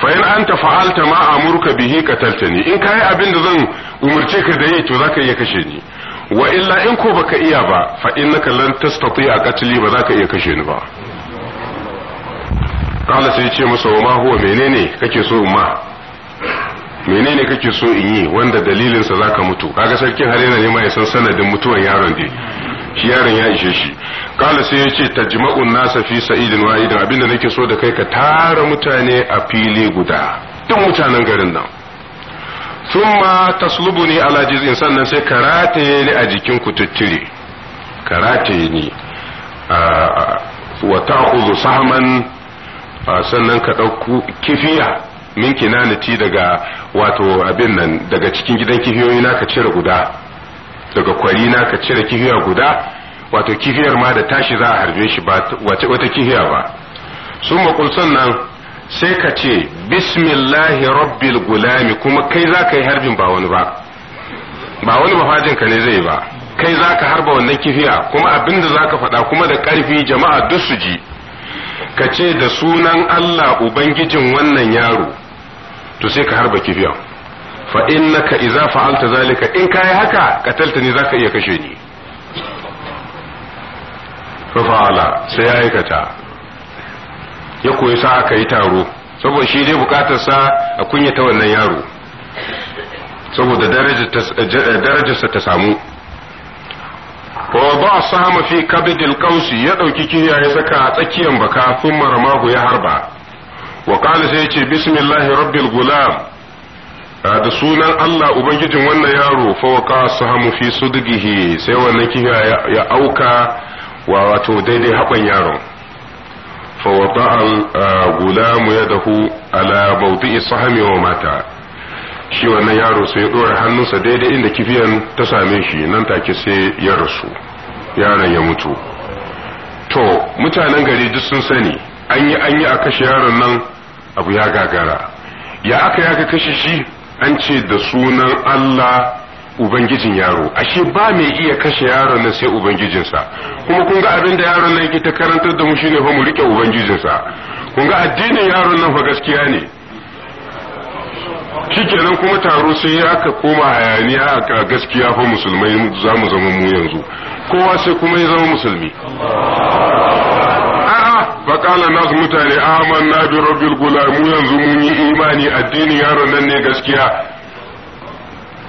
fa in anta fa'alta ma amurka bihi qataltani in kayi abin da zan umurce ka da yi to zaka iya kashe ni wa illa in ko baka iya ba fa innaka lan tastati'a qatli ba zaka iya kashe ni ba kala sai ce masa wa ma huwa menene kake so ma menene kake so in yi wanda dalilin sa zaka mutu kaga sarkin har yana nema ya san sanadin mutuwan yaron dai shi yaron ya ishe shi kala sai ya ce tajma'un nasa fi sa'idin wa'idin abinda nake so da kai ka tara mutane a fili guda duk mutanen garin nan thumma taslubuni ala jiz'in sannan sai ka rataye a jikin kututtire ka ne ni ah, wa ta'khudhu sahman sannan ka ɗauku kifiya min kinanati daga wato abin nan daga cikin gidan kifiyoyi na ka cire guda daga kwari na ka cire kifiya guda wato kifiyar ma da tashi za a harbe shi ba wata kifiya ba su makul sannan sai ka ce bismillahi rabbil gulami kuma kai za ka yi harbin ba wani ba ba wani mafajin ka ne zai ba kai za ka harba wannan kifiya kuma abin da za ka faɗa kuma da ƙarfi jama'a duk su ji ka ce da sunan Allah ubangijin wannan yaro to sai ka harba kibiyan fa innaka idza fa'alta zalika in kai haka katalta ni zaka iya kashe ni fa fa'ala sai ya aikata ya koyi sa aka yi taro saboda shi dai bukatar sa a kunyata wannan yaro saboda darajarsa ta samu wa ba sahama fi kabidil qausi ya dauki kiyaye ya saka a tsakiyar baka sun marmahu ya harba wa qala sai yace bismillahi rabbil gulam da sunan Allah ubangijin wannan yaro fa waqa sahamu fi sudgihi sai wannan kiriya ya auka wa wato daidai haban yaron fa wada al gulam yadahu ala mawdi'i sahami wa mata shi wannan yaro sai ya ɗora hannunsa daidai inda kifiyan ta same shi nan take sai ya rasu yaron ya mutu to mutanen gari duk sun sani an yi an yi a kashe yaron nan abu ya gagara ya aka ya kashe shi an ce da sunan Allah ubangijin yaro ashe ba mai iya kashe yaron nan sai ubangijinsa kuma kun ga abin da yaron nan yake ta karantar da mu shine fa mu rike ubangijinsa kun ga addinin yaron nan fa gaskiya ne shikenan kuma taro sai aka koma hayaniya a gaskiya fa musulmai za mu zama mu yanzu kowa sai kuma ya zama musulmi faƙala nasu mutane aman na bi rabbil gulam mu yanzu mun yi imani addinin yaron nan ne gaskiya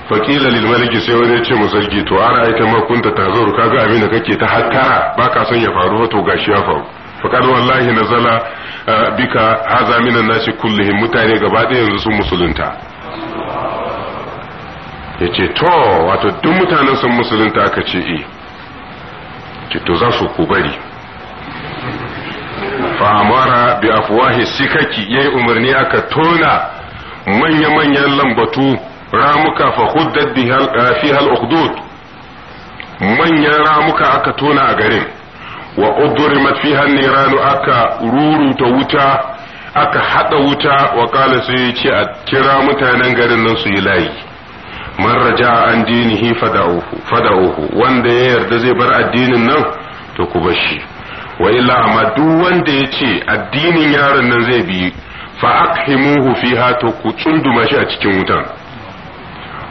faƙila lil maliki sai wani ya ce musarki to ana aita makunta kunta tazuru kaga abin da kake ta ba baka son ya faru to gashi ya faru faqad wallahi nazala eh, bika haza minan nasi kullihim mutane gaba ɗaya yanzu sun musulunta yace to wato duk mutanen sun musulunta aka ce eh ki to za su ku bari amara bi afwahi sikaki yayi umarni aka tona manya-manyan lambatu ramuka fa huddat eh, fi hal ukhdud manyan ramuka aka tona a garin wa udrimat fiha niranu aka ruruta wuta aka hada wuta wa kala sai ya ce a kira mutanen garin nan su yi layi man raja an dinihi fada'uhu wanda ya yarda zai bar addinin nan to ku bar shi wa illa amma duk wanda ya ce addinin yaron nan zai bi fa aqhimuhu fiha to ku tsunduma shi a cikin wutan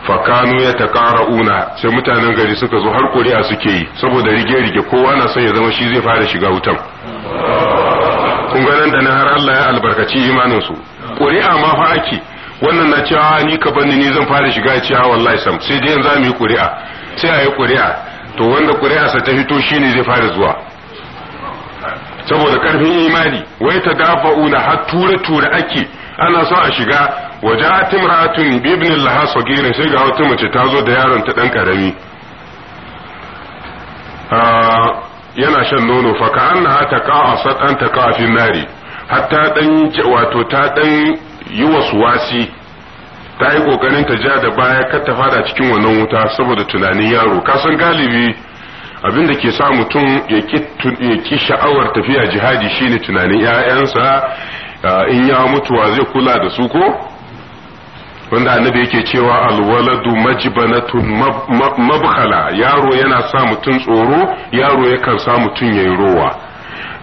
fakanu ya ta una sai mutanen gari suka zo har kuri'a suke yi saboda rige-rige kowa na son ya zama shi zai fara shiga wutan kun ga da na har Allah ya albarkaci imanin su kuri'a ma fa ake wannan na cewa ni ka bani ni zan fara shiga cewa wallahi sam sai dai za mu yi kuri'a sai a yi kuri'a to wanda kuri'a sa ta fito shine zai fara zuwa saboda karfin imani wai ta dafa una har tura tura ake ana so a shiga waje atimratun ratun laha sagirin sai ga wata mace ta zo da yaron ta dan karami ah, yana shan nono fa ka ta taqa asat ta taqa fi nari hatta dan wato ta ɗan yi wasuwasi ta yi kokarin ta ja da baya kar ta fada cikin wannan wuta saboda tunanin yaro kasan galibi abin da ke sa mutum ya ki sha'awar tafiya jihadi shine tunanin 'ya'yansa Ah, in ya mutuwa zai kula da su ko wanda annabi yake cewa alwaladu majbanatun mabkhala yaro yana sa mutum tsoro yaro yakan sa mutum yayi rowa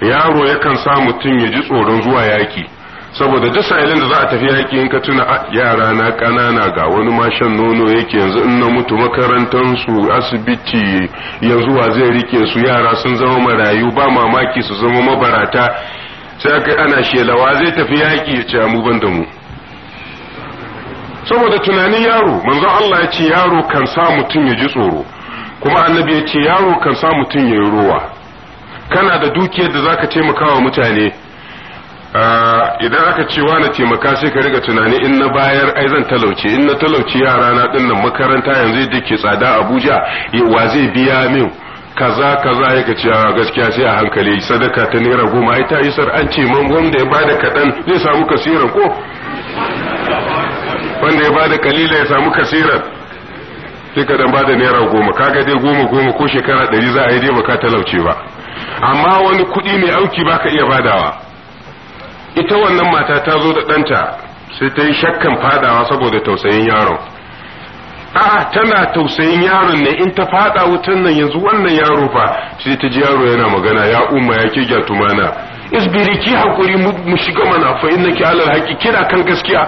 yaro yakan sa mutum ya ji tsoron zuwa yaki saboda duk sa'ilin da za a tafi yaki in ka tuna ah, yara na ƙanana ga wani ma nono yake yanzu in na mutu makarantar su asibiti yanzu wa zai rike su yara sun zama marayu ba mamaki su zama mabarata sai aka ana shelawa zai tafi yaƙi ya ce mu ban da mu saboda tunanin yaro manzon Allah ya ce yaro kan sa mutum ya ji tsoro kuma annabi ya ce yaro kan sa mutum ya yi rowa kana da dukiyar da zaka taimaka wa mutane ah, idan aka ce na taimaka sai ka riga tunani in na bayar ai zan talauce in na talauce yara na dinnan makaranta yanzu da ke tsada Abuja wa zai biya min kaza kaza ya cewa gaskiya sai a hankali sadaka ta naira goma ai ta isar an ce man wanda ya bada kaɗan zai samu kasiran ko wanda ya bada kalila ya samu kasiran sai ka dan bada naira goma kaga dai goma goma ko shekara ɗari za a yi dai baka talauce ba amma wani kuɗi mai auki baka iya badawa ita wannan mata ta zo da ɗanta sai ta yi shakkan fadawa saboda tausayin yaron a'a tana tausayin yaron ne in ta fada wutan nan yanzu wannan yaro fa sai ta ji yaro yana magana ya umma ya ke gyatumana isbiri ki hakuri mu shiga mana fa ki alal haqi kina kan gaskiya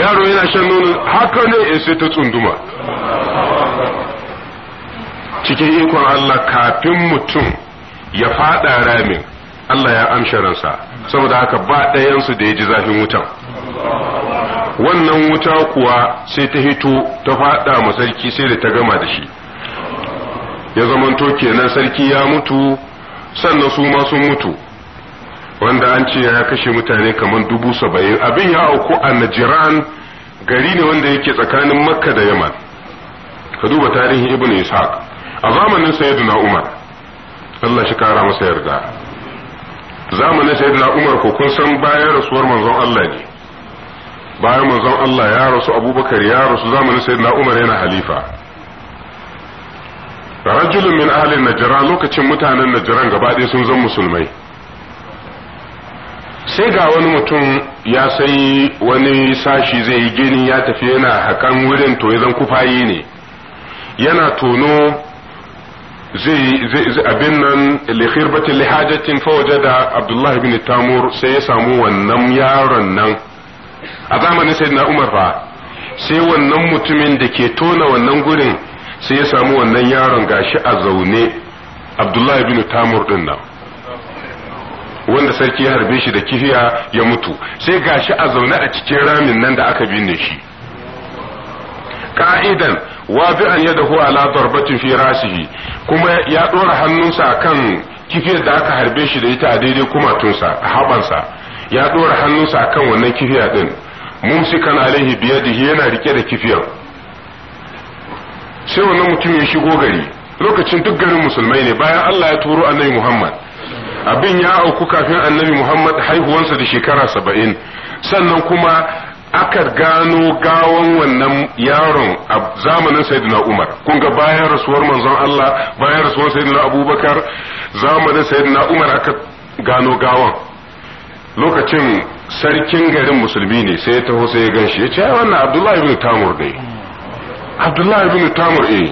yaro yana shan nono haka ne eh, sai ta tsunduma cikin ikon Allah kafin mutum ya fada ramin Allah ya amsha saboda haka ba ɗayansu da ya ji zafin wutan wannan wuta kuwa sai ta hito ta faɗa ma sarki sai da ta gama da shi ya zamanto kenan sarki ya mutu sannan su ma sun mutu wanda an ce ya kashe mutane kamar dubu saba'in abin ya auku a najiran gari ne wanda yake tsakanin makka da yaman ka duba tarihin ibn ishaq a zamanin sayyidina umar Allah shi kara masa yarda zamanin sayyidina umar ko kun san bayan rasuwar manzon Allah ne bayan manzon Allah ya rasu abubakar ya rasu zamanin sayyidina umar yana halifa rajulun min ahli najira lokacin mutanen najiran gaba ɗaya sun zan musulmai sai ga wani mutum ya sai wani sashi zai yi gini ya tafi yana hakan wurin to zan kufayi ne yana tono zai abin nan likhirbatin lihajatin fawaje da abdullahi bin tamur sai ya samu wannan yaron nan a zamanin sai Umar fa sai wannan mutumin da ke tona wannan gurin sai ya samu wannan yaron gashi a zaune Abdullahi bin Tamur din nan wanda sarki ya harbe shi da kifiya ya mutu sai gashi a zaune a cikin ramin nan da aka binne shi ka'idan an wabi'an yadahu ala darbatin fi rasihi kuma ya dora hannunsa kan kifiyar da aka harbe shi da ita a daidai kumatunsa a habansa ya ɗora hannunsa akan wannan kifiya ɗin mumsikan alaihi biyadihi yana rike da kifiyar sai wannan mutum ya shigo gari lokacin duk garin musulmai ne bayan Allah ya turo annabi Muhammad abin ya auku kafin annabi Muhammad haihuwansa da shekara saba'in sannan kuma aka gano gawan wannan yaron a zamanin sayyidina Umar kun ga bayan rasuwar manzon Allah bayan rasuwar sayyidina Abubakar zamanin sayyidina Umar aka gano gawan lokacin sarkin garin musulmi ne sai ya taho sai ya gan shi ya ce wannan abdullahi ibn tamur ne abdullahi ibn tamur eh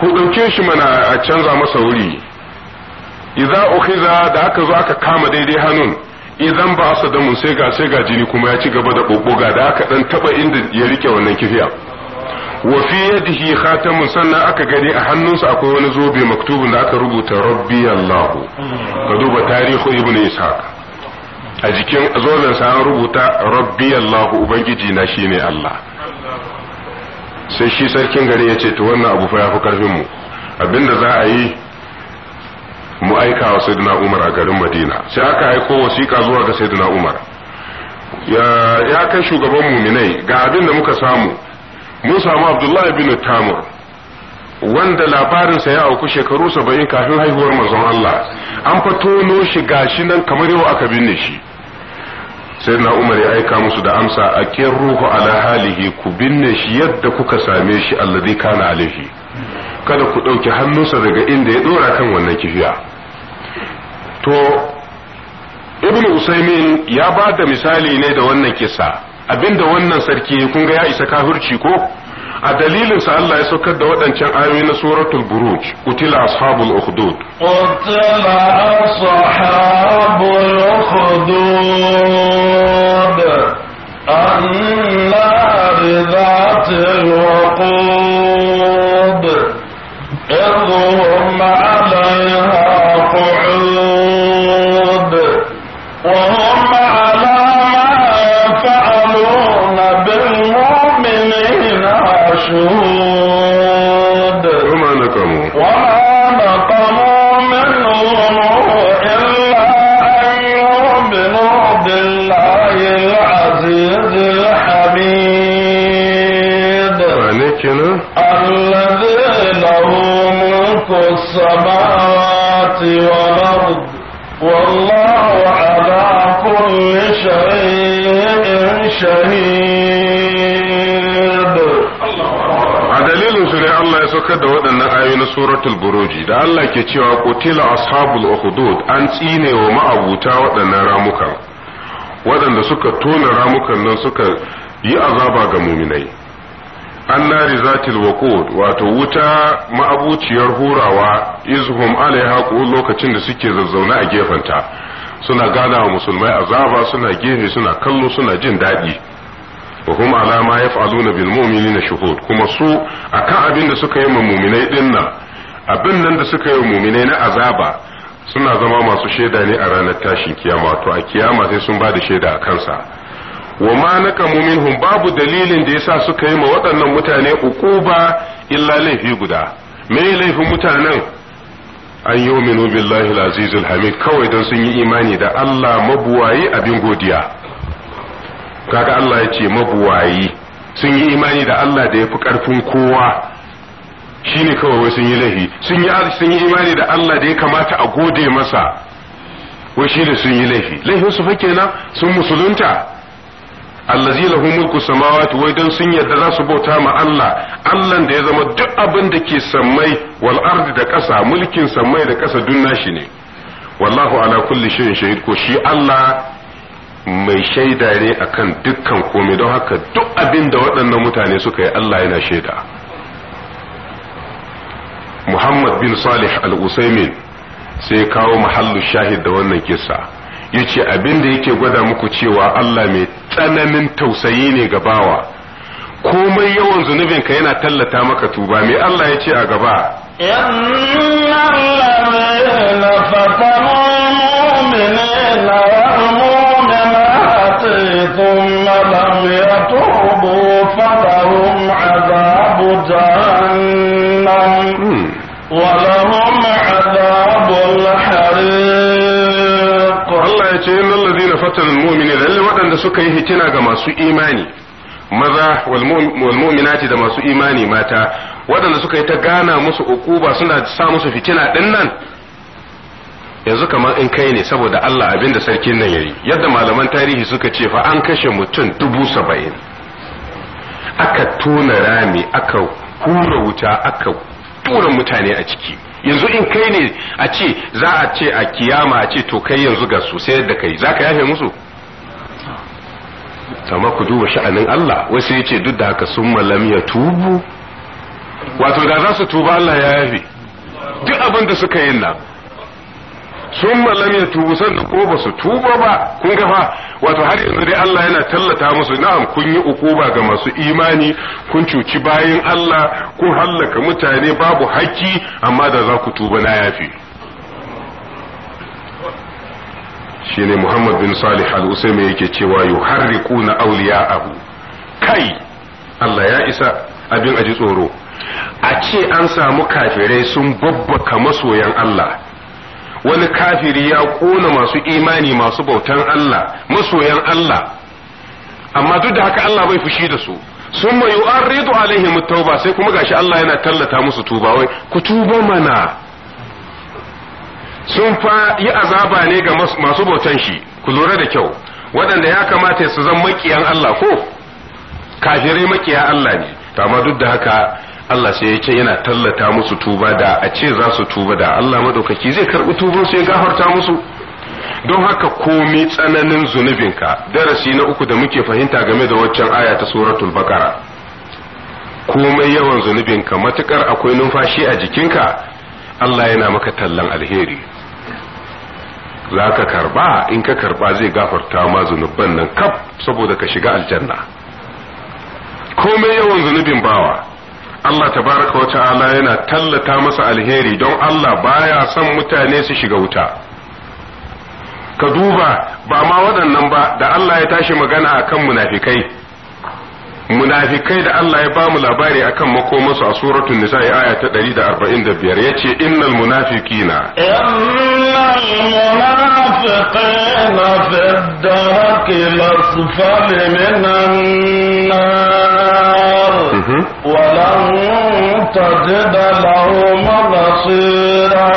ku ɗauke shi mana a canza masa wuri Iza ukhiza da aka zo aka kama daidai hannun idan ba asa damun sai ga sai ga jini kuma ya ci gaba da bubbuga da aka dan taɓa inda ya rike wannan kifiya wa fi yadihi khatamun sannan aka gani a hannunsa akwai wani zobe maktubun da aka rubuta rabbi ka duba tarihu ibnu ishaq a jikin zoben sa an rubuta rabbi ubangiji na shine Allah sai shi sarkin gari ya ce to wannan abu fa yafi karfin mu abinda za a yi mu aika wa sayyidina Umar a garin Madina sai aka aiko wasiƙa zuwa ga sayyidina Umar ya ya kai shugaban muminai ga abin da muka samu mun samu abdullahi bin tamur wanda labarinsa ya auku shekaru saba'in kafin haihuwar manzon Allah an fatono shi gashi nan kamar yau aka binne shi sai na umar ya aika musu da amsa a kin ruhu ala halihi ku binne shi yadda kuka same shi alladhi kana alaihi kada ku ɗauki hannunsa daga inda ya ɗora kan wannan kifiya to ibnu usaimin ya ba da misali ne da wannan kisa abinda wannan sarki kun ga ya isa kafirci ko a dalilin sa Allah ya saukar da waɗancan ayoyi na suratul buruj utila ashabul ukhdud utila ashabul ukhdud annar zatil waqud السماوات والأرض والله على كل شيء a dalilin su ne Allah ya saukar da waɗannan ayoyi na suratul buruji da Allah ke cewa qutila ashabul ukhdud an tsine wa ma'abuta waɗannan ramukan waɗanda suka tona ramukan nan suka yi azaba ga muminai annari zatil waqud wato wuta ma'abuciyar hurawa izhum alaiha ko lokacin da suke zazzauna a ta suna gana wa musulmai azaba suna gefe suna kallo suna jin daɗi wa alama ya na na bil mu'minina shuhud kuma su akan abin da suka yi ma mu'minai dinnan abin nan da suka yi wa mu'minai na azaba suna zama masu shaida ne a ranar tashin kiyama to a kiyama sai sun ba da shaida a kansa wa ma naqamu minhum babu dalilin da yasa suka yi ma waɗannan mutane uquba illa laifi guda me laifin mutanen an yuminu billahi al-azizul hamid kawai dan sun yi imani da Allah mabuwayi abin godiya kaga Allah ya ce mabuwayi sun yi imani da Allah da yafi karfin kowa shine kawai wai sun yi laifi sun yi sun yi imani da Allah da ya kamata a gode masa wai shi sun yi laifi laifin su fa kenan sun musulunta allazi lahu mulku samawati wai dan sun yarda za su bauta ma Allah Allah da ya zama duk abin da ke sammai wal ardi da ƙasa mulkin sammai da ƙasa dun nashi ne wallahu ala kulli shay'in shahid ko shi Allah mai shaida ne akan dukkan komai don haka duk abin da waɗannan mutane suka yi Allah yana shaida Muhammad bin Salih al-Usaimin sai kawo mahallu shahid da wannan kissa yace abin da yake gwada muku cewa Allah mai tsananin tausayi ne ga bawa komai yawan zunubin ka yana tallata maka tuba mai Allah ya ce a gaba ce innal ladina fatanul mu'minin lalle waɗanda suka yi hikina ga masu imani maza wal mu'minati da masu imani mata waɗanda suka yi ta gana musu ukuba suna sa musu fitina din nan yanzu kamar in kai ne saboda Allah abinda sarkin nan yayi yadda malaman tarihi suka ce fa an kashe mutum dubu saba'in aka tona rami aka hura wuta aka tura mutane a ciki yanzu in kai ne a ce za a ce a kiyama a ce to kai yanzu ga su sai da kai za ka yafe musu amma ku duba sha'anin Allah wasu ya ce duk da haka sun malam ya tubu wato da za su tuba Allah ya yafe duk abin suka yi nan sun lam ya tubu sannan ko ba su tuba ba kun ga wato har yanzu dai Allah yana tallata musu na'am kun yi ukuba ga masu imani kun cuci bayan Allah ko hallaka mutane babu haƙƙi amma da za ku tuba na yafi shine Muhammad bin Salih al-Usaimi yake cewa yuharriquna awliya'ahu kai Allah ya isa abin aji tsoro a ce an samu kafirai sun babbaka masoyan Allah wani kafiri ya kona masu imani masu bautan Allah masoyan Allah amma duk da haka Allah bai fushi da su sun mai yu'arridu alaihim tauba sai kuma gashi Allah yana tallata musu tuba wai ku tuba mana sun fa yi azaba ne ga masu bautan shi ku lura da kyau waɗanda ya kamata su zan makiyan Allah ko kafirai makiya Allah ne amma duk da haka Allah sai ya ce yana tallata musu tuba da a ce za su tuba da Allah madaukaki zai karbi tuban ya gafarta musu don haka komi tsananin zunubinka darasi na uku da muke fahimta game da waccan aya ta suratul bakara komai yawan zunubinka matukar akwai numfashi a jikinka Allah yana maka tallan alheri za ka karba in ka karba zai gafarta ma zunubban nan kaf saboda ka shiga aljanna komai yawan zunubin bawa Allah tabaraka wa ta'ala yana tallata masa alheri don Allah baya son mutane su shiga wuta ka duba ba ma waɗannan ba da Allah ya tashi magana akan munafikai munafikai da Allah ya bamu labari akan makomansu a suratul nisa aya ta 145 yace innal munafiqina innal munafiqina fi darki al minan nar wa lan tajid lahum nasira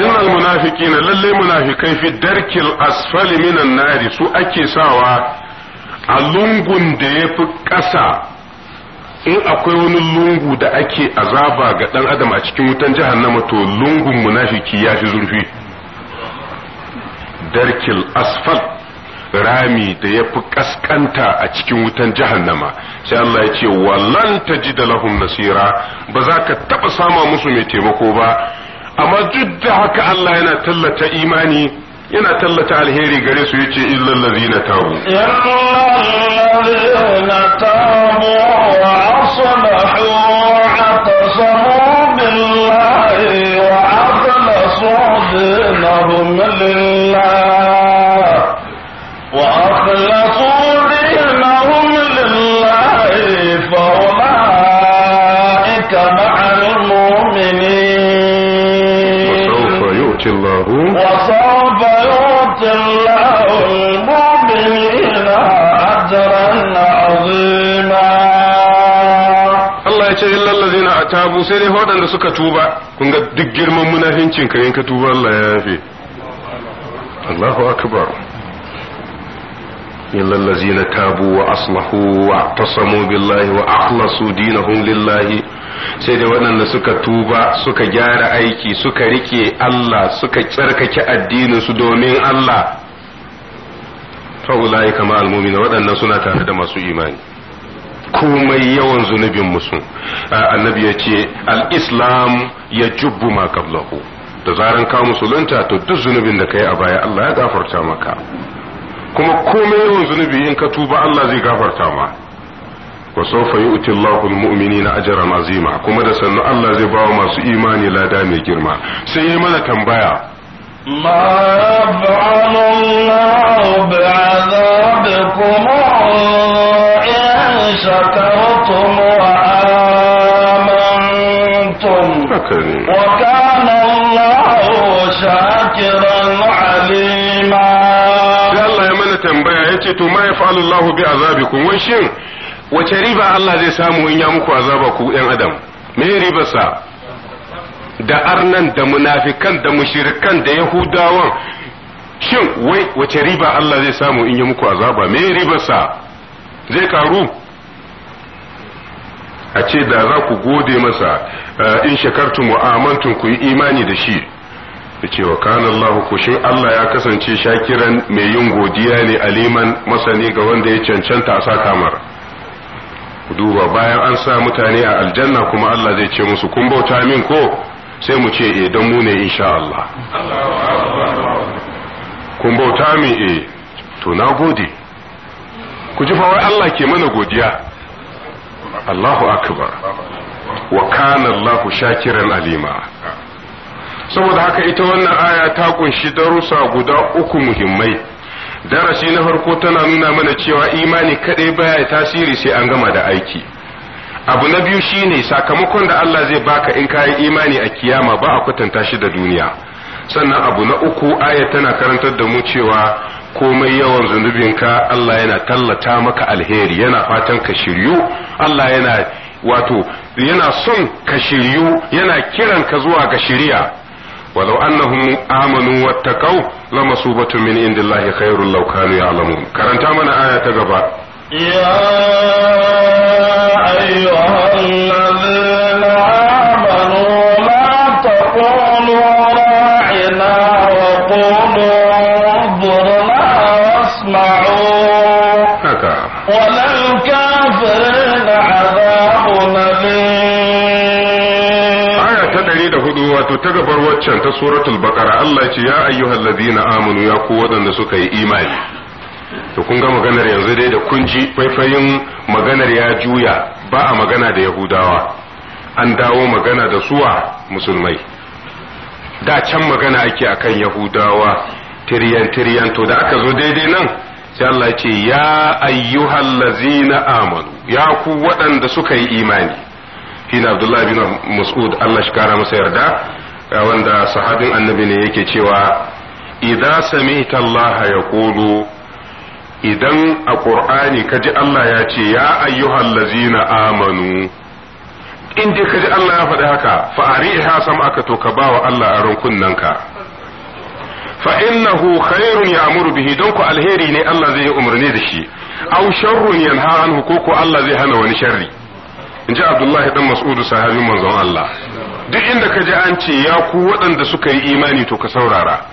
innal munafiqina lalle munafikai fi darki al minan nar su ake sawa a lungun da ya fi ƙasa in akwai wani lungu da ake azaba ga ɗan adam a cikin wutan jahannama to lungun munafiki ya fi zurfi darkil asfal rami da ya fi ƙasƙanta a cikin wutan jahannama sai Allah ya ce ji da lahum nasira ba za ka taɓa sama musu mai taimako ba amma duk da haka Allah yana tallata imani yana tallata alheri gare su yace illal ladina tabu illal ladina tabu wa aslahu wa tasamu billahi wa akhlasu dinahum lillah tabu sai dai waɗanda suka tuba kun ga duk girman munafincin ka in ka tuba Allah ya yafe Allahu akbar illal ladzina tabu wa aslahu wa tasamu billahi wa akhlasu dinahum lillahi sai da waɗanda suka tuba suka gyara aiki suka rike Allah suka tsarkake addinin su domin Allah fa ulai kama almu'mina waɗannan suna tare da masu imani komai yawan zunubin musu annabi ya ce al'islam ya jubbu ma da zaran ka musulunta to duk zunubin da ka yi a baya Allah ya gafarta maka kuma komai yawan zunubi in ka tuba Allah zai gafarta ma wa sawfa yu'ti Allahu al-mu'minina ajran azima kuma da sannu Allah zai bawa masu imani lada mai girma sai yayi mana tambaya ما يفعل الله بعذابكم شكرتم وآمنتم وكان الله شاكرا عليما الله يمنى تنبيه يتيتو ما يفعل الله بعذابكم وشين wace الله زي سامو إن يامكو ya muku أدم ku ‘yan adam da arnan da munafikan da mushirikan da yahudawan shin wai wace riba Allah zai samu in yi muku azaba me ribarsa zai karu a ce da za ku gode masa eh, in shekartu mu'amantun ku yi imani da shi da cewa kanan Allah ku shi Allah ya kasance shakiran mai yin godiya ne a liman masani ga wanda ya cancanta a sa kamar duba bayan an sa mutane a aljanna kuma Allah zai ce musu kun bauta min ko sai mu ce eh mu ne insha Allah kun bauta min eh to na gode ku ji fa wai Allah ke mana godiya Allahu akbar wa kana Allahu shakiran alima saboda haka ita wannan aya ta kunshi darussa guda uku muhimmai darasi na farko tana nuna mana cewa imani kadai baya tasiri sai an gama da aiki abu na biyu shine sakamakon da Allah zai baka in kayi imani a kiyama ba a kwatanta shi da duniya sannan abu na uku aya tana karantar da mu cewa komai yawan zunubinka Allah yana tallata maka alheri yana fatan ka shiryu Allah yana wato yana son ka shiryu yana kiran ka zuwa ga shiriya walau annahum amanu wattaqau lamasubatun min indillahi khairul law kanu ya'lamun karanta mana aya ta gaba ya ayyuhal ta gabar waccan ta suratul baqara Allah ce ya ayyuhal ladina amanu ya ku wadanda suka yi imani to kun ga maganar yanzu dai da kun ji faifayin maganar ya juya ba a magana da yahudawa an dawo magana da suwa musulmai da can magana ake akan yahudawa tiriyan tiriyan to da aka zo daidai nan sai Allah ce ya ayyuhal lazina amanu ya ku wadanda suka yi imani shine Abdullahi bin Mas'ud Allah shi kara masa yarda wanda sahabin annabi ne yake cewa idan sami'ta Allah yaqulu idan a ƙur'ani ka ji Allah ya ce ya ayyuhal lazina amanu in dai ka ji Allah ya faɗi haka fa'ari ha sam aka to ka bawa Allah a ka fa innahu khairun ya'muru bihi don ku alheri ne Allah zai yi umarni da shi aw sharrun yanha anhu ko ko Allah zai hana wani sharri in ji Abdullahi dan Mas'udu sahabin manzon Allah duk inda ka ji an ce ya ku waɗanda suka yi imani to ka saurara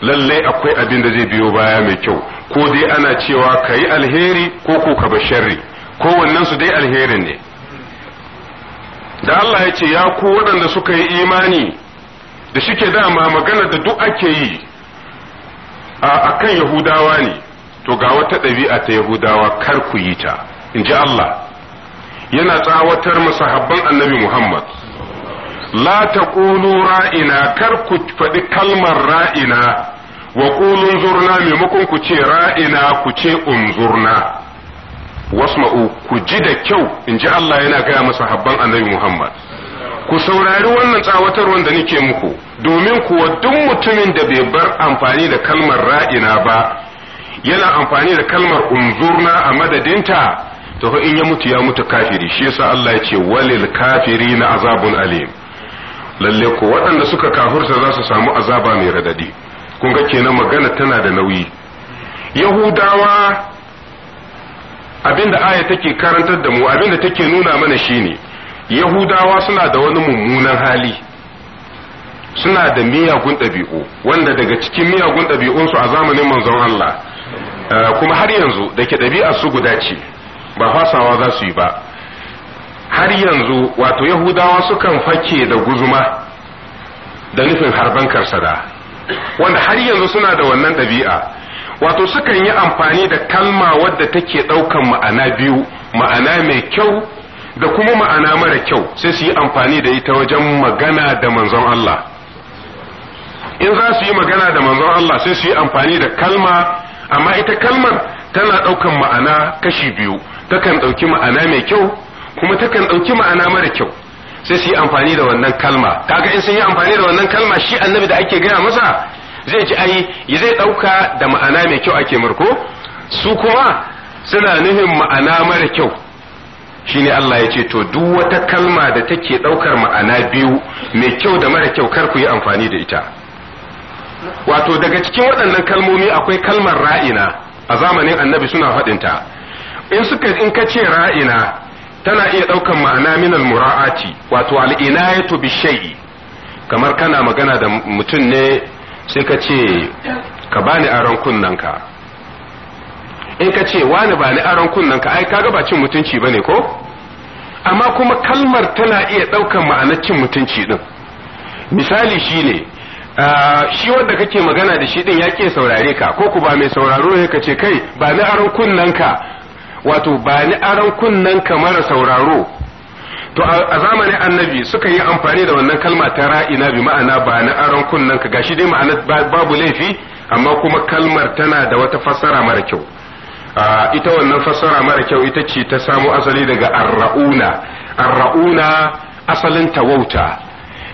lallai akwai abin da zai biyo baya mai kyau ko dai ana cewa ka yi alheri ko ko ka basharri wannan su dai alherin ne da Allah ya ce ya ku waɗanda suka yi imani da shike dama magana da duk ake yi a kan yahudawa ne to ga wata ɗabi'a ta yahudawa kar ku yi ta in ji Allah yana tsawatar masahabban annabi Muhammad la تقولوا ra'ina kar ku faɗi kalmar ra'ina wa qulu zurna maimakon ku ce ra'ina ku ce unzurna wasma'u ku ji da kyau in ji Allah yana gaya masa habban annabi Muhammad ku saurari wannan tsawatarwar da nake muku domin kuwa duk mutumin da bai bar amfani da kalmar ra'ina ba yana amfani da kalmar unzurna a madadinta to in ya mutu ya mutu kafiri shi yasa Allah ya ce walil kafiri na azabun alim lalle ko waɗanda suka kafurta za su samu azaba mai radadi kun ga kenan magana tana da nauyi yahudawa abinda aya take karantar da mu abinda take nuna mana shine yahudawa suna da wani mummunan hali suna da miyagun ɗabi'u wanda daga cikin miyagun ɗabi'unsu a zamanin manzon Allah eh, kuma har yanzu da ke su guda ce ba fasawa za su yi ba har yanzu wato yahudawa sukan fake da guzuma da nufin harban karsada wanda har yanzu suna da wannan ɗabi'a wato sukan yi amfani da kalma wadda take ɗaukan ma'ana biyu ma'ana mai kyau da kuma ma'ana mara kyau sai su yi amfani da ita wajen magana da manzon Allah in za su yi magana da manzon Allah sai su yi amfani da kalma amma ita kalmar tana ɗaukan ma'ana kashi biyu takan ɗauki ma'ana mai kyau kuma takan ɗauki ma'ana mara kyau sai su yi amfani da wannan kalma kaga in sun yi amfani da wannan kalma shi annabi da ake gaya masa zai ji ai ya zai ɗauka da ma'ana mai kyau ake murko su kuma suna nufin ma'ana mara kyau shine Allah ya ce to duk wata kalma da take ɗaukar ma'ana biyu mai kyau da mara kyau kar ku yi amfani da ita wato daga cikin waɗannan kalmomi akwai kalmar ra'ina a zamanin annabi suna faɗinta in suka in ka ce ra'ina tana iya ɗaukan ma'ana min mura'ati wato al'inayatu bi shay'i kamar kana magana da mutum ne sai ka ce ka bani aron ka. in ka ce wani bani aron ka ai kaga ba cin mutunci bane ko amma kuma kalmar tana iya ɗaukan ma'anar cin mutunci din misali shine shi wanda kake magana da shi din ya ke saurare ka ko ku ba mai sauraro ne ka ce kai ba ni aron ka. wato ba ni aron kunnen kamar sauraro to a zamanin annabi suka yi amfani da wannan kalma ta ra'ina bi ma'ana ba ni aron kunnen ka gashi dai ma'ana babu laifi amma kuma kalmar tana da wata fassara mara kyau ita wannan fassara mara kyau ita ce ta samo asali daga arra'una arra'una asalin tawauta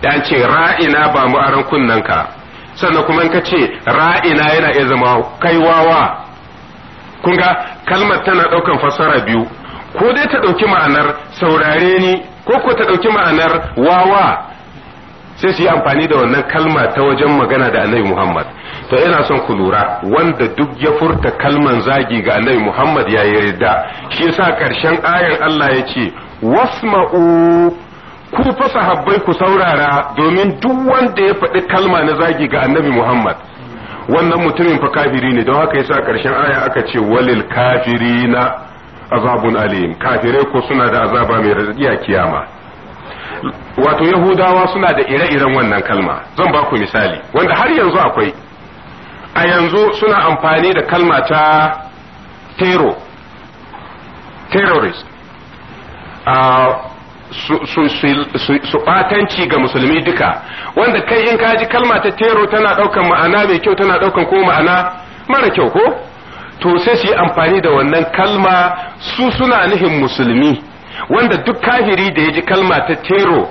da ce ra'ina ba mu aron kunnen ka sannan kuma in ka ce ra'ina yana iya zama kaiwawa kun ga kalmar tana ɗaukan fassara biyu ko dai ta ɗauki ma'anar saurare ni ko ko ta ɗauki ma'anar wawa sai su yi amfani da wannan kalma ta wajen magana da annabi Muhammad to ina son ku lura wanda duk ya furta kalman zagi ga annabi Muhammad ya yi ridda shi yasa karshen ayar Allah ya ce wasma'u ku fa sahabbai ku saurara domin duk wanda ya faɗi kalma na zagi ga annabi Muhammad wannan mutumin fa kafiri ne don haka yasa karshen aya aka ce walil kafirina azabun alim kafirai ko suna da azaba mai radadi a kiyama wato yahudawa suna da ire-iren wannan kalma zan ba ku misali wanda har yanzu akwai a yanzu suna amfani da kalma ta tero terrorist ah, su batanci ga musulmi duka wanda kai in ka ji kalma ta tero tana daukan ma'ana mai kyau tana ɗaukan ko ma'ana mara kyau ko to sai su yi amfani da wannan kalma su suna nihin musulmi wanda duk kafiri da ya ji kalma ta tero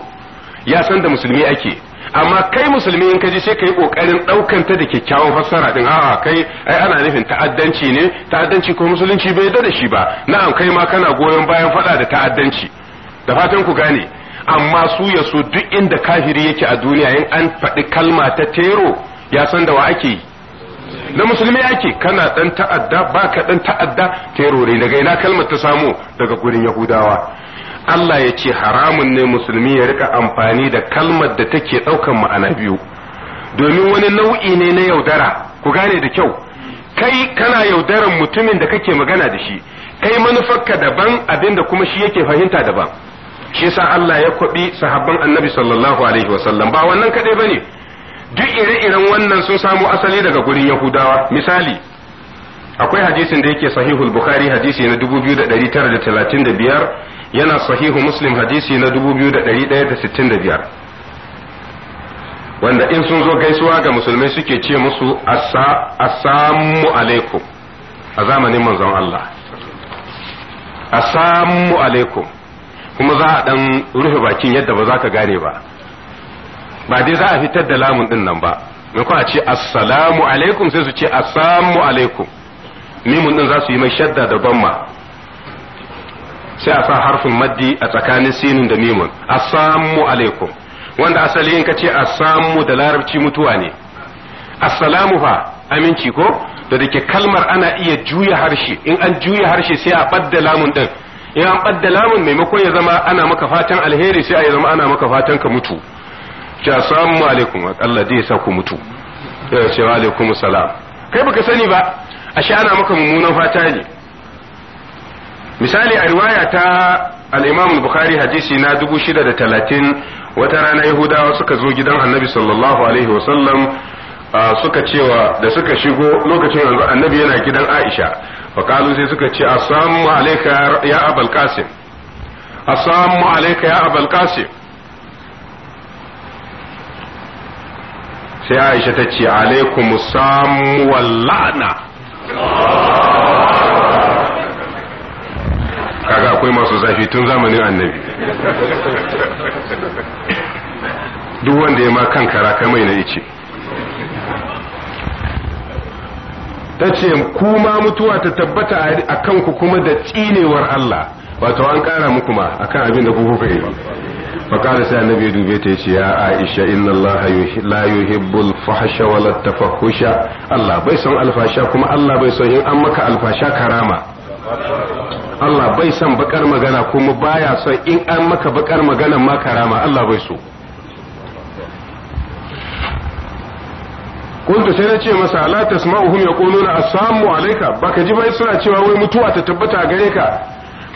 ya san da musulmi ake amma kai musulmi in ka ji sai ka yi kokarin daukan ta da kyakkyawan fassara din a'a kai ai ana nufin ta'addanci ne ta'addanci ko musulunci bai da shi ba na'am kai ma kana goyon bayan faɗa da ta'addanci da fatan ku gane amma su ya so duk inda kafiri yake a duniya in an faɗi kalma ta tero ya san da wa ake yi na musulmi ake kana dan ta'adda baka dan ta'adda ne daga ina kalmar ta samu daga gurin yahudawa Allah ya ce haramun ne musulmi ya rika amfani da kalmar da take ɗaukan ma'ana biyu domin wani nau'i ne na yaudara ku gane da kyau kai kana yaudaran mutumin da kake magana da shi kai manufarka daban abinda kuma shi yake fahimta daban shi yasa Allah ya kwabi sahabban annabi sallallahu alaihi wasallam ba wannan kadai bane duk ire-iren wannan sun samo asali daga gurin yahudawa misali akwai hadisin da yake sahihul bukhari hadisi na 2935 yana sahihu muslim hadisi na 2165 wanda in sun zo gaisuwa ga musulmai suke ce musu assalamu alaikum a zamanin manzon Allah assalamu alaikum kuma za a dan rufe bakin yadda ba za ka gane ba ba dai za a fitar da lamun din nan ba mai kuma ce assalamu alaikum sai su ce assalamu alaikum mimun din za su yi mai shadda da bamma sai a sa harfin maddi a tsakanin sinin da mimun assalamu alaikum wanda asali in ka ce assalamu da larabci mutuwa ne assalamu fa aminci ko da dake kalmar ana iya juya harshe in an juya harshe sai a ɓadda lamun ɗin. ya an ɓadda lamun maimakon ya zama ana maka fatan alheri sai a zama ana maka fatan ka mutu ce assalamu alaikum Allah dai sa ku mutu ya ce wa alaikum salam kai baka sani ba ashe ana maka mummunan fata ne misali a riwaya ta al-Imam Bukhari hadisi na 630 wata rana Yahudawa suka zo gidan Annabi sallallahu alaihi wasallam suka cewa da suka shigo lokacin annabi yana gidan Aisha faƙalu sai suka ce assalamu alaika ya abal qasim assalamu alaika ya abal qasim sai aisha ta ce alaikum samu wallana kaga akwai masu zafi tun zamanin annabi duk wanda ya ma kan kara kamai na ice ta ce ma mutuwa ta tabbata a kanku kuma da tsinewar Allah wato an kara muku ma akan abin da kuku kai fakara sai annabi ya dube ta ce ya Aisha inna Allah la yuhibbu al-fahsha wa al-tafahusha Allah bai son alfasha kuma Allah bai son in an maka alfasha karama Allah bai son bakar magana kuma baya son in an maka bakar magana ma karama Allah bai so kuntu sai na ce masa la tasma'uhum yaquluna alaika alayka baka ji bai suna cewa wai mutuwa ta tabbata gare ka